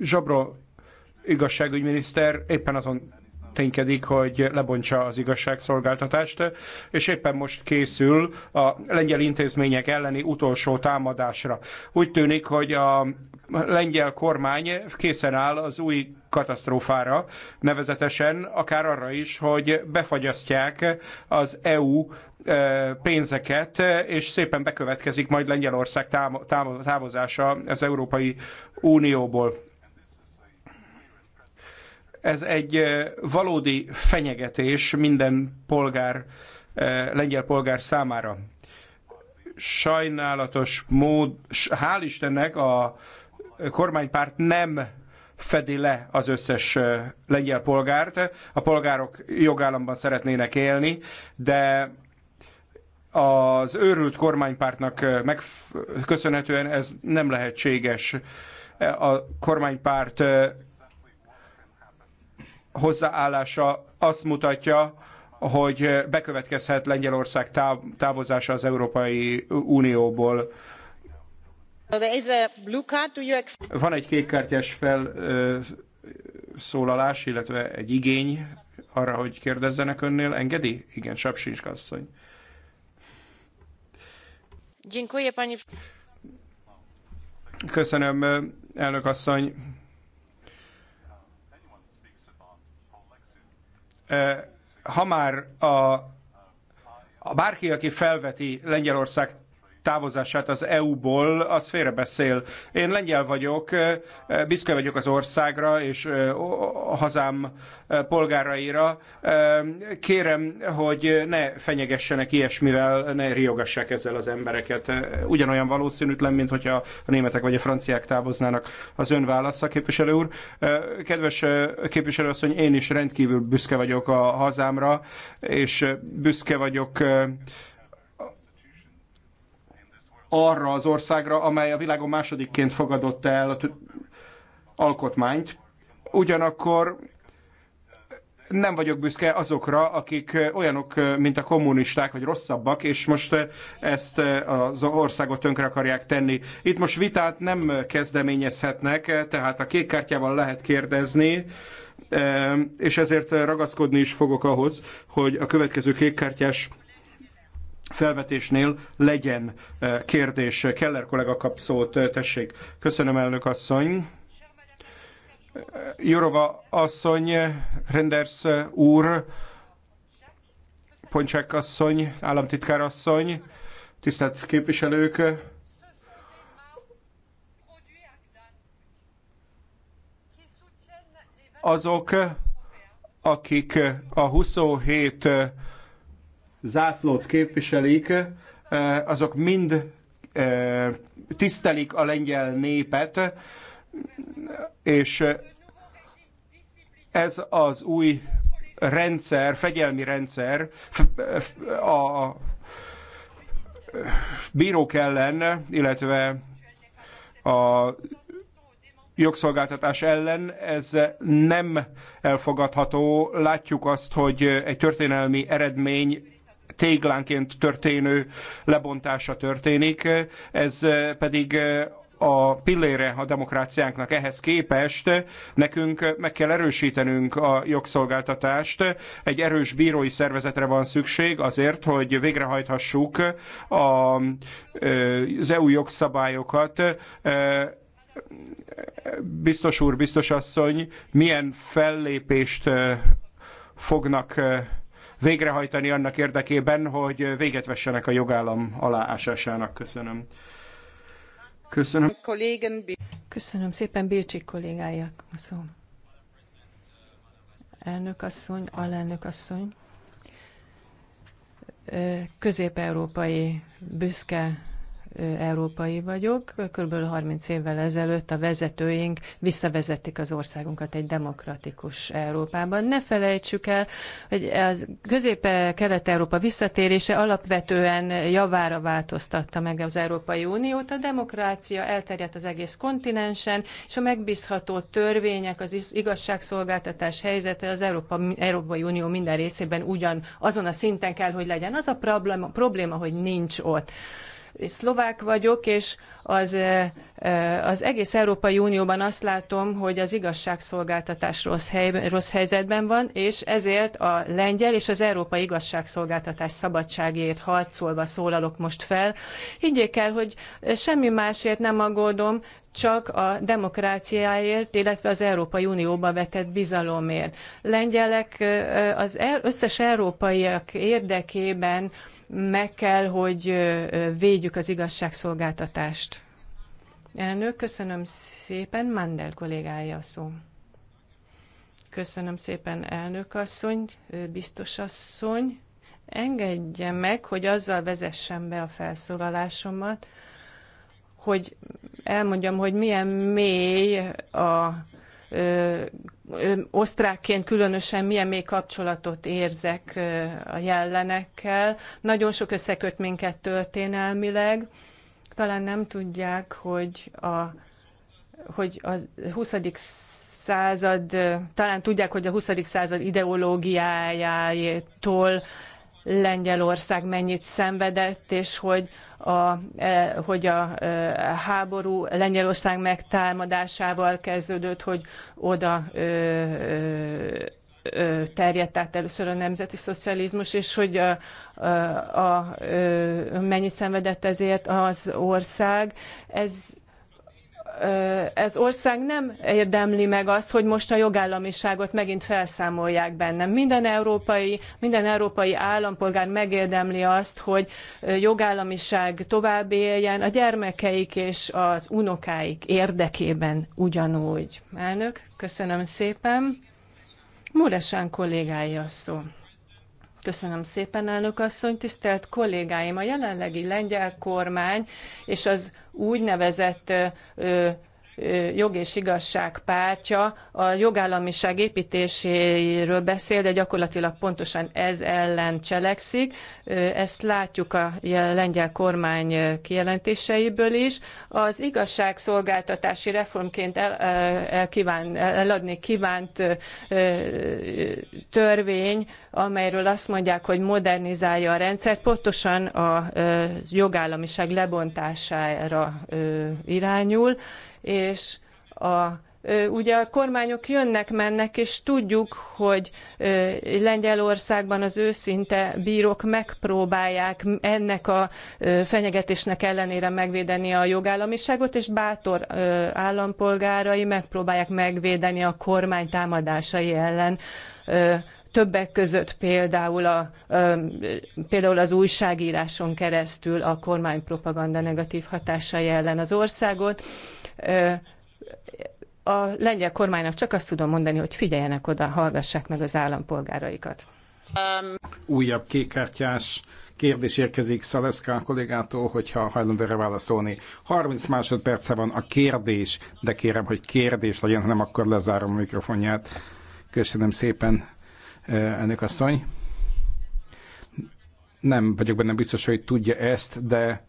Zsabro igazságügyminiszter éppen azon ténykedik, hogy lebontsa az igazságszolgáltatást, és éppen most készül a lengyel intézmények elleni utolsó támadásra. Úgy tűnik, hogy a lengyel kormány készen áll az új katasztrófára, nevezetesen akár arra is, hogy befagyasztják az EU e, pénzeket, és szépen bekövetkezik majd Lengyelország távozása az Európai Unióból. Ez egy valódi fenyegetés minden polgár, lengyel polgár számára. Sajnálatos mód, hál' Istennek a kormánypárt nem fedi le az összes lengyel polgárt. A polgárok jogállamban szeretnének élni, de az őrült kormánypártnak megköszönhetően köszönhetően ez nem lehetséges. A kormánypárt hozzáállása azt mutatja, hogy bekövetkezhet Lengyelország távozása az Európai Unióból. Van egy kékkártyás felszólalás, illetve egy igény arra, hogy kérdezzenek önnél. Engedi? Igen, Sapsinska asszony. Köszönöm, elnök asszony. ha már a, a bárki, aki felveti Lengyelország távozását az EU-ból, az félrebeszél. Én lengyel vagyok, büszke vagyok az országra és a hazám polgáraira. Kérem, hogy ne fenyegessenek ilyesmivel, ne riogassák ezzel az embereket. Ugyanolyan valószínűtlen, mint hogyha a németek vagy a franciák távoznának az ön válasza, képviselő úr. Kedves képviselő asszony, én is rendkívül büszke vagyok a hazámra, és büszke vagyok arra az országra, amely a világon másodikként fogadott el a alkotmányt. Ugyanakkor nem vagyok büszke azokra, akik olyanok, mint a kommunisták, vagy rosszabbak, és most ezt az országot tönkre akarják tenni. Itt most vitát nem kezdeményezhetnek, tehát a kék kártyával lehet kérdezni, és ezért ragaszkodni is fogok ahhoz, hogy a következő kék kártyás felvetésnél legyen eh, kérdés. Keller kollega kap szót, eh, tessék. Köszönöm, elnök asszony. Eh, Jurova asszony, Renders úr, Poncsák asszony, államtitkár asszony, tisztelt képviselők, azok, akik a 27 zászlót képviselik, azok mind tisztelik a lengyel népet, és ez az új rendszer, fegyelmi rendszer a bírók ellen, illetve a jogszolgáltatás ellen, ez nem elfogadható. Látjuk azt, hogy egy történelmi eredmény téglánként történő lebontása történik, ez pedig a pillére a demokráciánknak ehhez képest nekünk meg kell erősítenünk a jogszolgáltatást. Egy erős bírói szervezetre van szükség azért, hogy végrehajthassuk a, az EU jogszabályokat biztos úr, biztos asszony, milyen fellépést fognak végrehajtani annak érdekében, hogy véget vessenek a jogállam aláásásának. Köszönöm. Köszönöm. Köszönöm szépen, Bilcsik kollégája. Köszönöm. Elnök asszony, alelnök asszony. Közép-európai büszke európai vagyok. Körülbelül 30 évvel ezelőtt a vezetőink visszavezették az országunkat egy demokratikus Európában. Ne felejtsük el, hogy az közép-kelet-európa visszatérése alapvetően javára változtatta meg az Európai Uniót. A demokrácia elterjedt az egész kontinensen, és a megbízható törvények, az igazságszolgáltatás helyzete az Európa, Európai Unió minden részében ugyan azon a szinten kell, hogy legyen. Az a probléma, probléma hogy nincs ott szlovák vagyok, és az, az egész Európai Unióban azt látom, hogy az igazságszolgáltatás rossz, hely, rossz helyzetben van, és ezért a lengyel és az Európai Igazságszolgáltatás szabadságért harcolva szólalok most fel. Higgyék el, hogy semmi másért nem aggódom, csak a demokráciáért, illetve az Európai Unióba vetett bizalomért. Lengyelek az e- összes európaiak érdekében meg kell, hogy védjük az igazságszolgáltatást. Elnök, köszönöm szépen. Mandel kollégája a szó. Köszönöm szépen, elnök asszony, biztos asszony. Engedje meg, hogy azzal vezessem be a felszólalásomat, hogy elmondjam, hogy milyen mély a ö, ö, osztrákként különösen milyen mély kapcsolatot érzek ö, a jellenekkel. Nagyon sok összeköt minket történelmileg. Talán nem tudják, hogy a, hogy a 20. század, talán tudják, hogy a 20. század ideológiájától Lengyelország mennyit szenvedett, és hogy a, e, hogy a e, háború Lengyelország megtámadásával kezdődött, hogy oda e, terjedt át először a nemzeti szocializmus, és hogy a, a, a, mennyit szenvedett ezért az ország. Ez ez ország nem érdemli meg azt, hogy most a jogállamiságot megint felszámolják bennem. Minden európai, minden európai állampolgár megérdemli azt, hogy jogállamiság tovább éljen a gyermekeik és az unokáik érdekében ugyanúgy. Elnök, köszönöm szépen. Muresán kollégája szó. Köszönöm szépen, elnök asszony. Tisztelt kollégáim, a jelenlegi lengyel kormány és az úgynevezett ö, jog és igazság pártja a jogállamiság építéséről beszél, de gyakorlatilag pontosan ez ellen cselekszik. Ezt látjuk a lengyel kormány kijelentéseiből is. Az igazságszolgáltatási reformként el, el kíván, eladni kívánt törvény, amelyről azt mondják, hogy modernizálja a rendszert, pontosan a jogállamiság lebontására irányul, és a Ugye a kormányok jönnek, mennek, és tudjuk, hogy Lengyelországban az őszinte bírok megpróbálják ennek a fenyegetésnek ellenére megvédeni a jogállamiságot, és bátor állampolgárai megpróbálják megvédeni a kormány támadásai ellen többek között például, a, például az újságíráson keresztül a kormány propaganda negatív hatásai ellen az országot. A lengyel kormánynak csak azt tudom mondani, hogy figyeljenek oda, hallgassák meg az állampolgáraikat. Um, Újabb kékkártyás kérdés érkezik Szaleszka kollégától, hogyha hajlandó erre válaszolni. 30 másodperce van a kérdés, de kérem, hogy kérdés legyen, hanem akkor lezárom a mikrofonját. Köszönöm szépen, ennek asszony. Nem vagyok benne biztos, hogy tudja ezt, de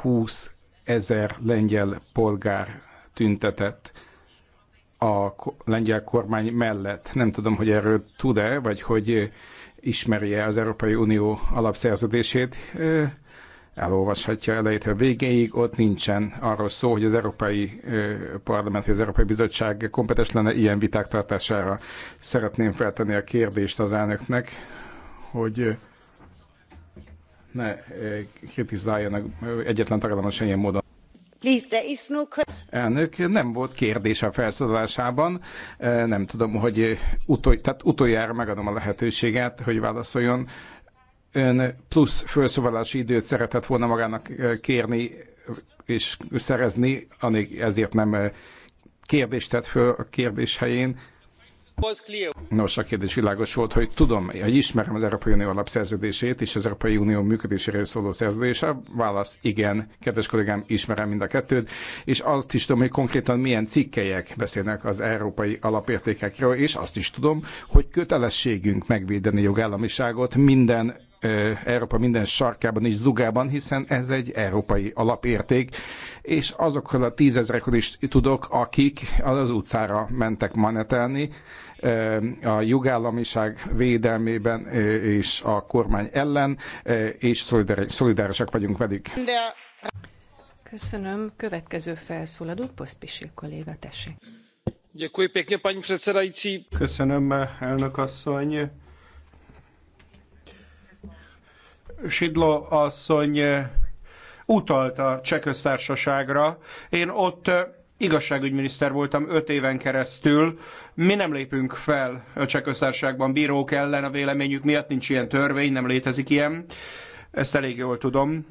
20 ezer lengyel polgár tüntetett a lengyel kormány mellett. Nem tudom, hogy erről tud-e, vagy hogy ismeri-e az Európai Unió alapszerződését. Elolvashatja a végéig, ott nincsen arról szó, hogy az Európai Parlament vagy az Európai Bizottság kompetens lenne ilyen viták tartására. Szeretném feltenni a kérdést az elnöknek, hogy ne eh, kritizáljanak eh, egyetlen tagadalmat semmilyen módon. Please, there is no Elnök, nem volt kérdés a felszólalásában. Eh, nem tudom, hogy utol, tehát utoljára megadom a lehetőséget, hogy válaszoljon. Ön plusz felszólalási időt szeretett volna magának kérni és szerezni, anélkül ezért nem kérdést tett föl a kérdés helyén. Nos, a kérdés világos volt, hogy tudom, hogy ismerem az Európai Unió alapszerződését és az Európai Unió működéséről szóló szerződése. válasz igen, kedves kollégám, ismerem mind a kettőt, és azt is tudom, hogy konkrétan milyen cikkelyek beszélnek az európai alapértékekről, és azt is tudom, hogy kötelességünk megvédeni jogállamiságot minden Európa minden sarkában és zugában, hiszen ez egy európai alapérték, és azokról a tízezrekről is tudok, akik az utcára mentek manetelni, a jogállamiság védelmében és a kormány ellen, és szolidárisak vagyunk velük. Köszönöm. Következő felszólaló Poszpisil kolléga, tessék. Köszönöm, elnök asszony. Sidlo asszony utalt a Cseh Köztársaságra. Én ott igazságügyminiszter voltam öt éven keresztül. Mi nem lépünk fel a Csehköztárságban bírók ellen a véleményük miatt, nincs ilyen törvény, nem létezik ilyen. Ezt elég jól tudom.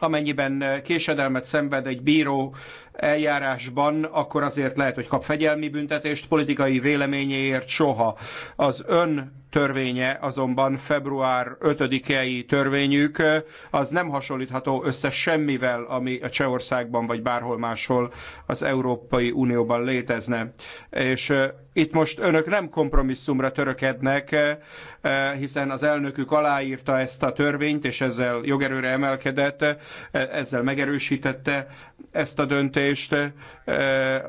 Amennyiben késedelmet szenved egy bíró eljárásban, akkor azért lehet, hogy kap fegyelmi büntetést politikai véleményéért soha. Az ön törvénye, azonban február 5-i törvényük, az nem hasonlítható össze semmivel, ami a Csehországban vagy bárhol máshol az Európai Unióban létezne. És itt most önök nem kompromisszumra törökednek, hiszen az elnökük aláírta ezt a törvényt, és ezzel jogerőre emelkedett, ezzel megerősítette ezt a döntést,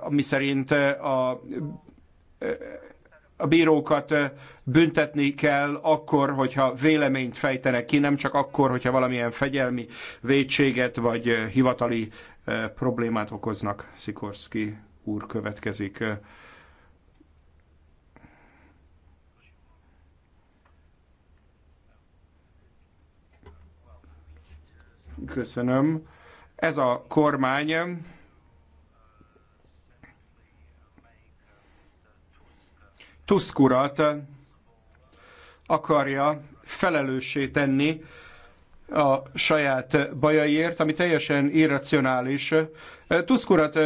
miszerint a a bírókat büntetni kell akkor, hogyha véleményt fejtenek ki, nem csak akkor, hogyha valamilyen fegyelmi vétséget vagy hivatali problémát okoznak. Szikorszki úr következik. Köszönöm. Ez a kormány Tusk urat akarja felelőssé tenni a saját bajaiért, ami teljesen irracionális. Tusk urat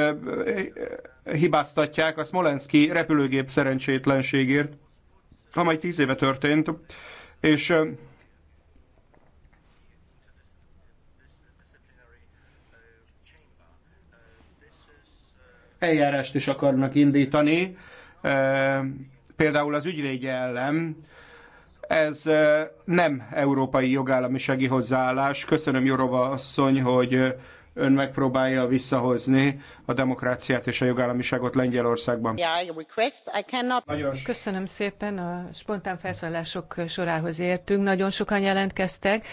hibáztatják a Smolenski repülőgép szerencsétlenségért, amely tíz éve történt, és eljárást is akarnak indítani például az ügyvédje ellen, ez nem európai jogállamisági hozzáállás. Köszönöm Jorova asszony, hogy ön megpróbálja visszahozni a demokráciát és a jogállamiságot Lengyelországban. Köszönöm szépen, a spontán felszólalások sorához értünk, nagyon sokan jelentkeztek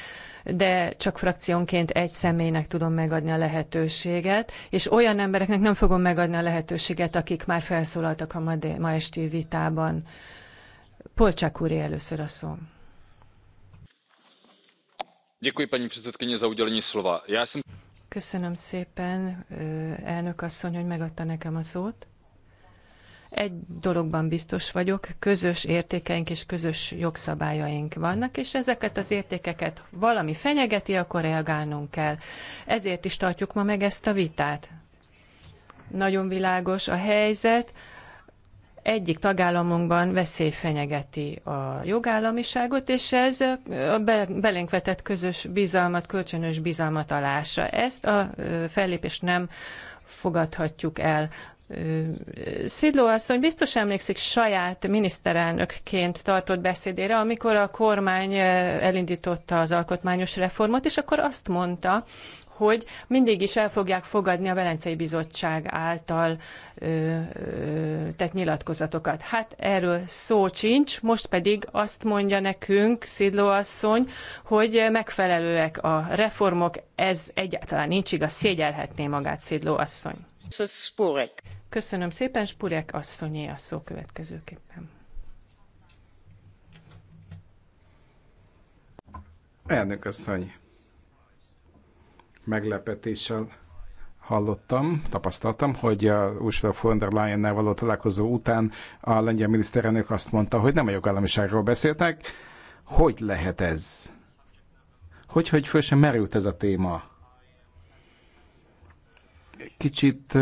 de csak frakciónként egy személynek tudom megadni a lehetőséget, és olyan embereknek nem fogom megadni a lehetőséget, akik már felszólaltak a ma, ma esti vitában. Polcsák úré először a szó. Köszönöm szépen, elnök asszony, hogy megadta nekem a szót. Egy dologban biztos vagyok, közös értékeink és közös jogszabályaink vannak, és ezeket az értékeket valami fenyegeti, akkor reagálnunk kell. Ezért is tartjuk ma meg ezt a vitát. Nagyon világos a helyzet, egyik tagállamunkban veszély fenyegeti a jogállamiságot, és ez a belénk vetett közös bizalmat, kölcsönös bizalmat alása. Ezt a fellépést nem fogadhatjuk el. Szidló asszony biztos emlékszik saját miniszterelnökként tartott beszédére, amikor a kormány eh, elindította az alkotmányos reformot, és akkor azt mondta, hogy mindig is el fogják fogadni a Velencei Bizottság által ö, eh, ö, eh, tett nyilatkozatokat. Hát erről szó sincs, most pedig azt mondja nekünk Szidló asszony, hogy megfelelőek a reformok, ez egyáltalán nincs igaz, szégyelhetné magát Szidló asszony. Köszönöm szépen, Spurek asszonyé a szó következőképpen. Elnök asszony, meglepetéssel hallottam, tapasztaltam, hogy a Ursula von der leyen való találkozó után a lengyel miniszterelnök azt mondta, hogy nem a jogállamiságról beszéltek. Hogy lehet ez? Hogy, hogy föl sem merült ez a téma? Kicsit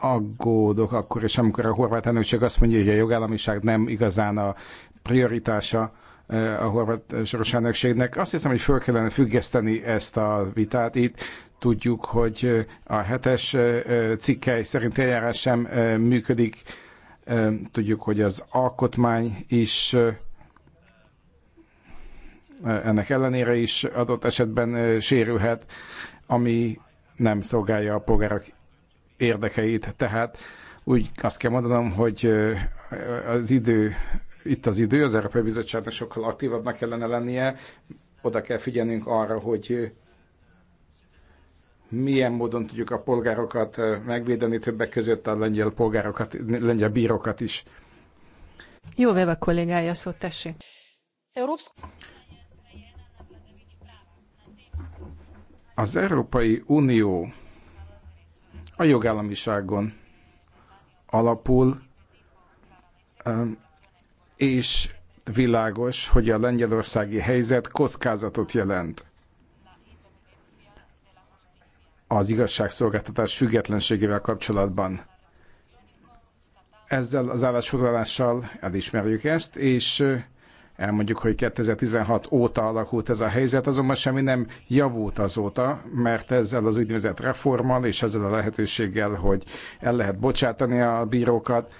aggódok akkor is, amikor a horvát elnökség azt mondja, hogy a jogállamiság nem igazán a prioritása a horvát soros elnökségnek. Azt hiszem, hogy föl kellene függeszteni ezt a vitát itt. Tudjuk, hogy a hetes cikkely szerint eljárás sem működik. Tudjuk, hogy az alkotmány is ennek ellenére is adott esetben sérülhet, ami nem szolgálja a polgárok érdekeit. Tehát úgy azt kell mondanom, hogy az idő, itt az idő, az Európai Bizottságnak sokkal aktívabbnak kellene lennie, oda kell figyelnünk arra, hogy milyen módon tudjuk a polgárokat megvédeni, többek között a lengyel polgárokat, lengyel bírókat is. Jó, Veva kollégája szót tessék. Európsz... Az Európai Unió a jogállamiságon alapul, um, és világos, hogy a lengyelországi helyzet kockázatot jelent az igazságszolgáltatás függetlenségével kapcsolatban. Ezzel az állásfoglalással elismerjük ezt, és Elmondjuk, hogy 2016 óta alakult ez a helyzet, azonban semmi nem javult azóta, mert ezzel az úgynevezett reformmal és ezzel a lehetőséggel, hogy el lehet bocsátani a bírókat,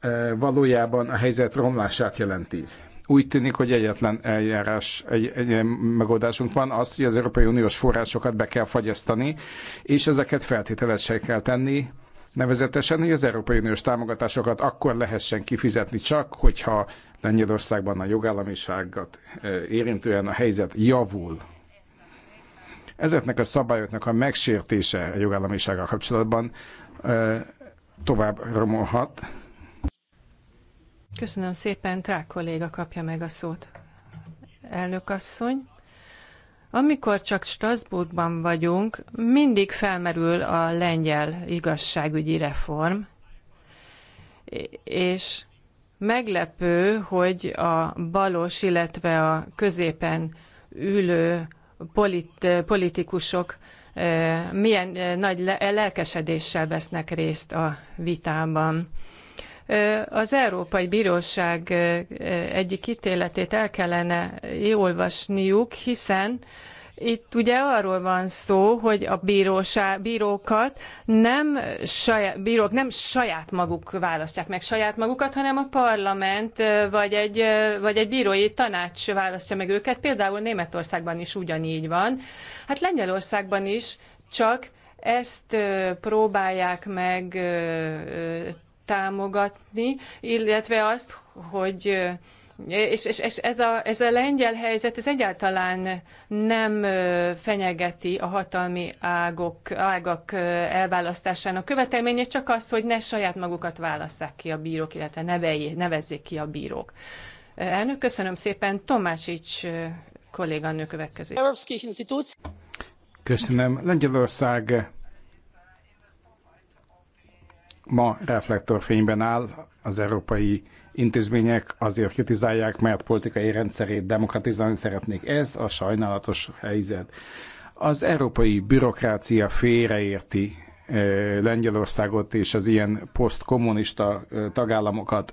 eh, valójában a helyzet romlását jelenti. Úgy tűnik, hogy egyetlen eljárás, egy, egy megoldásunk van, az, hogy az Európai Uniós forrásokat be kell fagyasztani, és ezeket feltételet kell tenni, Nevezetesen, hogy az Európai Uniós támogatásokat akkor lehessen kifizetni csak, hogyha Lengyelországban a jogállamiságot e, érintően a helyzet javul. Ezeknek a szabályoknak a megsértése a jogállamisággal kapcsolatban e, tovább romolhat. Köszönöm szépen, Trák kolléga kapja meg a szót. Elnök asszony, amikor csak Strasbourgban vagyunk, mindig felmerül a lengyel igazságügyi reform, és meglepő, hogy a balos, illetve a középen ülő polit, politikusok eh, milyen eh, nagy lelkesedéssel vesznek részt a vitában. Az Európai Bíróság egyik ítéletét el kellene olvasniuk, hiszen itt ugye arról van szó, hogy a bíróság bírókat nem saját, bírók nem saját maguk választják meg saját magukat, hanem a parlament vagy egy, vagy egy bírói tanács választja meg őket. Például Németországban is ugyanígy van. Hát Lengyelországban is csak ezt próbálják meg támogatni, illetve azt, hogy és, és, és ez, a, ez a lengyel helyzet ez egyáltalán nem fenyegeti a hatalmi ágok, ágak elválasztásának követelménye, csak azt, hogy ne saját magukat válasszák ki a bírók, illetve neveljék, nevezzék ki a bírók. Elnök, köszönöm szépen. Tomásics kolléganő következik. Köszönöm. Lengyelország ma reflektorfényben áll, az európai intézmények azért kritizálják, mert politikai rendszerét demokratizálni szeretnék. Ez a sajnálatos helyzet. Az európai bürokrácia félreérti Lengyelországot és az ilyen posztkommunista tagállamokat.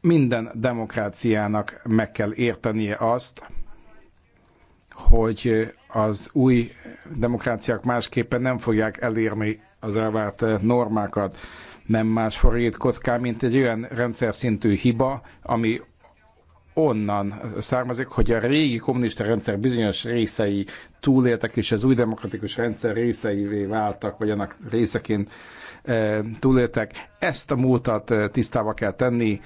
Minden demokráciának meg kell értenie azt, hogy az új demokráciák másképpen nem fogják elérni az elvárt eh, normákat. Nem más forrít kockán, mint egy olyan rendszer szintű hiba, ami onnan származik, hogy a régi kommunista rendszer bizonyos részei túléltek, és az új demokratikus rendszer részeivé váltak, vagy annak részeként eh, túléltek. Ezt a múltat eh, tisztába kell tenni,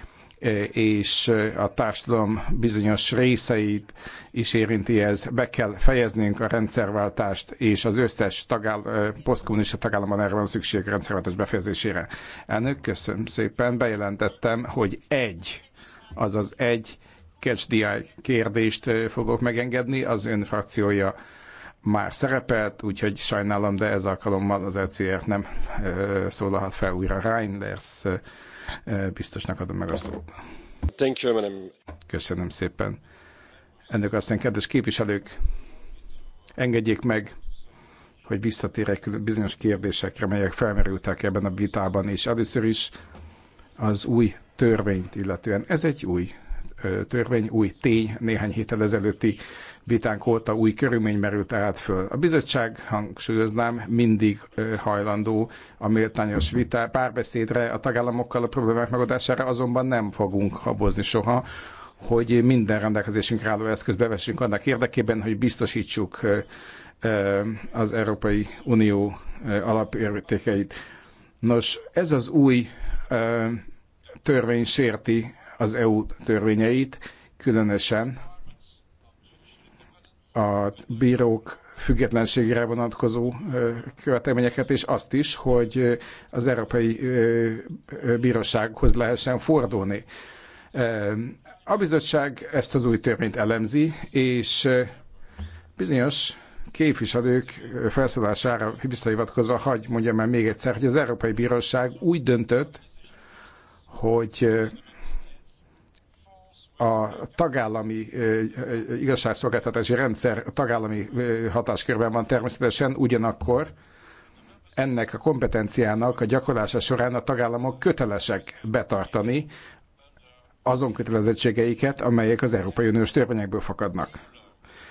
és a társadalom bizonyos részeit is érinti ez. Be kell fejeznünk a rendszerváltást, és az összes tagáll, posztkommunista tagállamban erre van szükség a rendszerváltás befejezésére. Elnök, köszönöm szépen, bejelentettem, hogy egy, azaz egy Catch the Eye kérdést fogok megengedni, az ön frakciója már szerepelt, úgyhogy sajnálom, de ez alkalommal az ECR nem ö, szólalhat fel újra. Reinders biztosnak adom meg a szót. Thank you, madam. Köszönöm szépen. Ennek aztán, kedves képviselők, engedjék meg, hogy visszatérek bizonyos kérdésekre, melyek felmerültek ebben a vitában, és először is az új törvényt illetően. Ez egy új törvény, új tény, néhány héttel ezelőtti vitánk óta új körülmény merült át föl. A bizottság, hangsúlyoznám, mindig hajlandó a méltányos vita párbeszédre, a tagállamokkal a problémák megoldására, azonban nem fogunk habozni soha, hogy minden rendelkezésünkre álló eszközt bevessünk annak érdekében, hogy biztosítsuk az Európai Unió alapértékeit. Nos, ez az új törvény sérti az EU törvényeit, különösen a bírók függetlenségre vonatkozó követelményeket, és azt is, hogy az Európai Bírósághoz lehessen fordulni. A bizottság ezt az új törvényt elemzi, és bizonyos képviselők felszólására visszahivatkozva hagy mondjam el még egyszer, hogy az Európai Bíróság úgy döntött, hogy a tagállami igazságszolgáltatási rendszer tagállami hatáskörben van természetesen, ugyanakkor ennek a kompetenciának a gyakorlása során a tagállamok kötelesek betartani azon kötelezettségeiket, amelyek az Európai Uniós törvényekből fakadnak.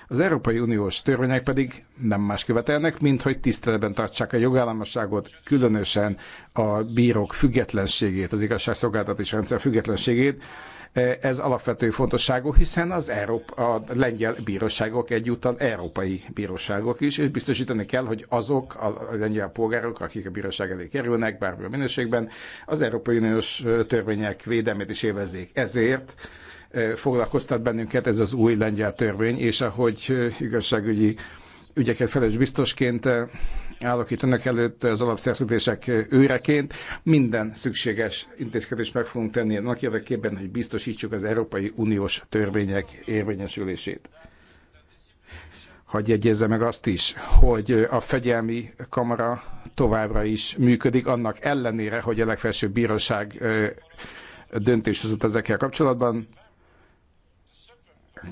Az Európai Uniós törvények pedig nem más követelnek, mint hogy tiszteletben tartsák a jogállamosságot, különösen a bírók függetlenségét, az igazságszolgáltatási rendszer függetlenségét, Eh, ez alapvető fontosságú, hiszen az Európa, a lengyel bíróságok egyúttal európai bíróságok is, és biztosítani kell, hogy azok a lengyel polgárok, akik a bíróság elé kerülnek, bármilyen minőségben, az Európai Uniós eh, törvények védelmét is évezzék. Ezért eh, foglalkoztat bennünket ez az új lengyel törvény, és ahogy igazságügyi ügyeket felelős biztosként eh, állok itt önök előtt eh, az alapszerződések eh, őreként. Minden szükséges intézkedést meg fogunk tenni annak érdekében, hogy biztosítsuk az Európai Uniós törvények érvényesülését. Hagy jegyezze meg azt is, hogy a fegyelmi kamara továbbra is működik, annak ellenére, hogy a legfelsőbb bíróság döntéshozott ezekkel kapcsolatban.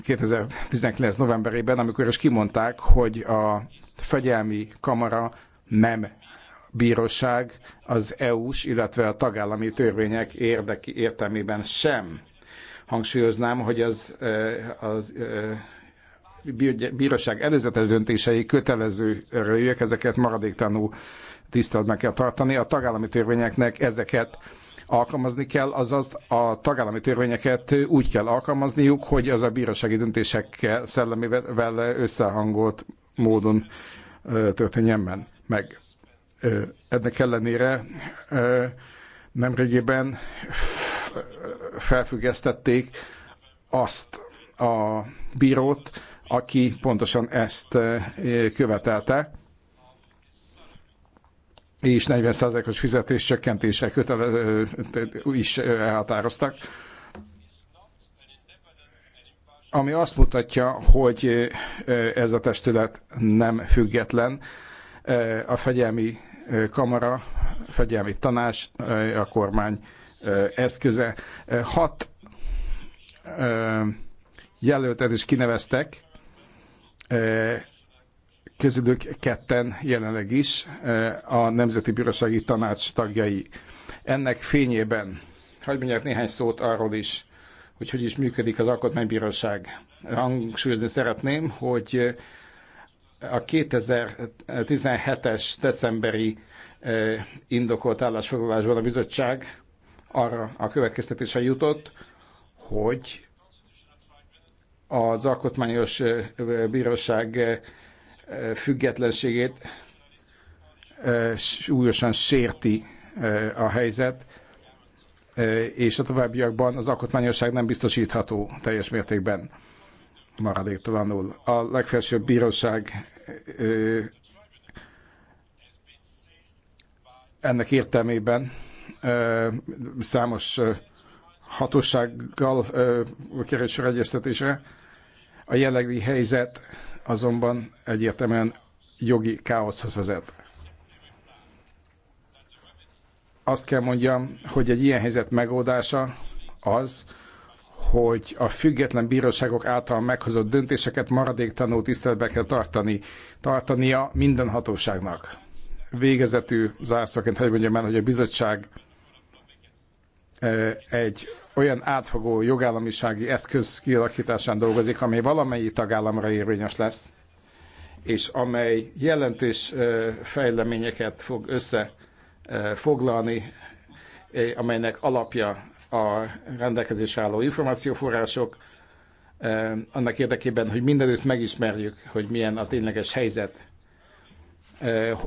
2019. novemberében, amikor is kimondták, hogy a fegyelmi kamara nem bíróság az EU-s, illetve a tagállami törvények érdeki értelmében sem. Hangsúlyoznám, hogy az, eh, az eh, bíróság előzetes döntései kötelező erőjük, ezeket maradéktanú tiszteletben kell tartani. A tagállami törvényeknek ezeket alkalmazni kell, azaz a tagállami törvényeket úgy kell alkalmazniuk, hogy az a bírósági döntésekkel szellemével összehangolt módon történjen men, meg. Ennek ellenére nemrégiben felfüggesztették azt a bírót, aki pontosan ezt követelte, és 40%-os fizetés csökkentése is elhatároztak ami azt mutatja, hogy ez a testület nem független. A fegyelmi kamara, fegyelmi tanács, a kormány eszköze. Hat jelöltet is kineveztek közülük ketten jelenleg is eh, a Nemzeti Bírósági Tanács tagjai. Ennek fényében hagyd mondják néhány szót arról is, hogy hogy is működik az Alkotmánybíróság. Hangsúlyozni szeretném, hogy eh, a 2017-es decemberi eh, indokolt állásfoglalásban a bizottság arra a következtetése jutott, hogy az Alkotmányos Bíróság függetlenségét súlyosan sérti a helyzet, és a továbbiakban az alkotmányosság nem biztosítható teljes mértékben maradéktalanul. A legfelsőbb bíróság ennek értelmében számos hatósággal került sor egyeztetésre. A jelenlegi helyzet azonban egyértelműen jogi káoszhoz vezet. Azt kell mondjam, hogy egy ilyen helyzet megoldása az, hogy a független bíróságok által meghozott döntéseket maradéktanul tiszteletbe kell tartani, tartania minden hatóságnak. Végezetű zárszóként, hogy mondjam el, hogy a bizottság egy olyan átfogó jogállamisági eszköz kialakításán dolgozik, amely valamennyi tagállamra érvényes lesz, és amely jelentős fejleményeket fog összefoglalni, amelynek alapja a rendelkezésre álló információforrások, annak érdekében, hogy mindenütt megismerjük, hogy milyen a tényleges helyzet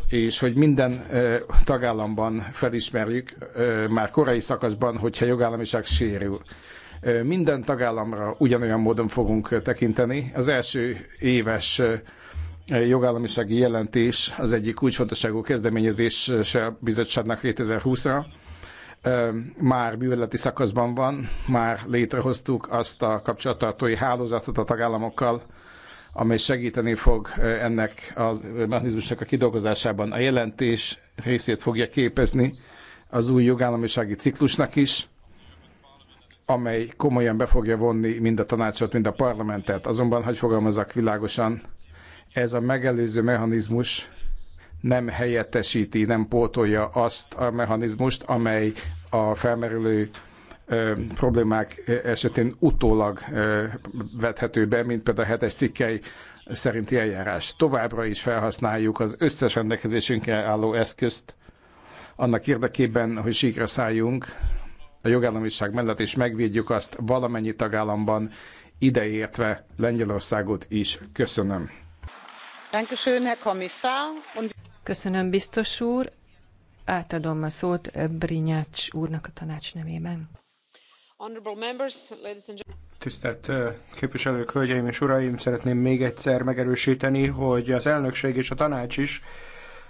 és hogy minden tagállamban felismerjük már korai szakaszban, hogyha jogállamiság sérül. Minden tagállamra ugyanolyan módon fogunk tekinteni. Az első éves jogállamisági jelentés az egyik kulcsfontosságú kezdeményezése a bizottságnak 2020-ra. Már bűvöleti szakaszban van, már létrehoztuk azt a kapcsolattartói hálózatot a tagállamokkal, amely segíteni fog ennek a mechanizmusnak a kidolgozásában. A jelentés részét fogja képezni az új jogállamisági ciklusnak is, amely komolyan be fogja vonni mind a tanácsot, mind a parlamentet. Azonban, hogy fogalmazok világosan, ez a megelőző mechanizmus nem helyettesíti, nem pótolja azt a mechanizmust, amely a felmerülő problémák esetén utólag vethető be, mint például a hetes cikkei szerinti eljárás. Továbbra is felhasználjuk az összes rendelkezésünkre álló eszközt annak érdekében, hogy síkra szálljunk a jogállamiság mellett, és megvédjük azt valamennyi tagállamban, ideértve Lengyelországot is. Köszönöm. Köszönöm, biztos úr. Átadom a szót Brinyács úrnak a tanács nevében. Tisztelt képviselők, hölgyeim és uraim, szeretném még egyszer megerősíteni, hogy az elnökség és a tanács is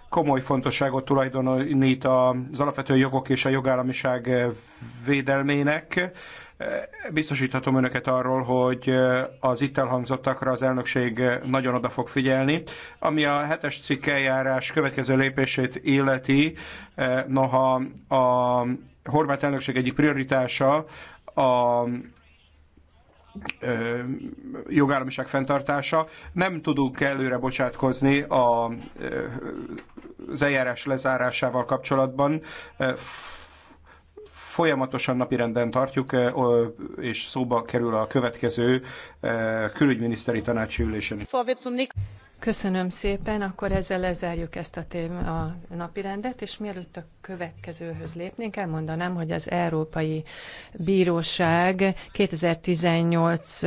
komoly fontosságot tulajdonít az alapvető jogok és a jogállamiság védelmének. Biztosíthatom önöket arról, hogy az itt elhangzottakra az elnökség nagyon oda fog figyelni. Ami a hetes cikk eljárás következő lépését illeti, noha a horvát elnökség egyik prioritása a jogállamiság fenntartása. Nem tudunk előre bocsátkozni a, az eljárás lezárásával kapcsolatban. Folyamatosan napirenden tartjuk, és szóba kerül a következő külügyminiszteri tanácsi ülésen. Köszönöm szépen, akkor ezzel lezárjuk ezt a, téma, a napirendet, és mielőtt a következőhöz lépnénk, elmondanám, hogy az Európai Bíróság 2018.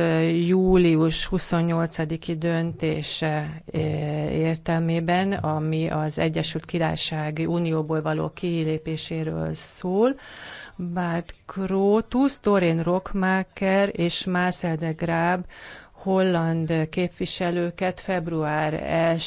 július 28-i döntése eh, értelmében, ami az Egyesült Királyság Unióból való kilépéséről szól, Bárt Krótusz, Torén Rockmaker és Mászel de Gráb holland képviselőket február 1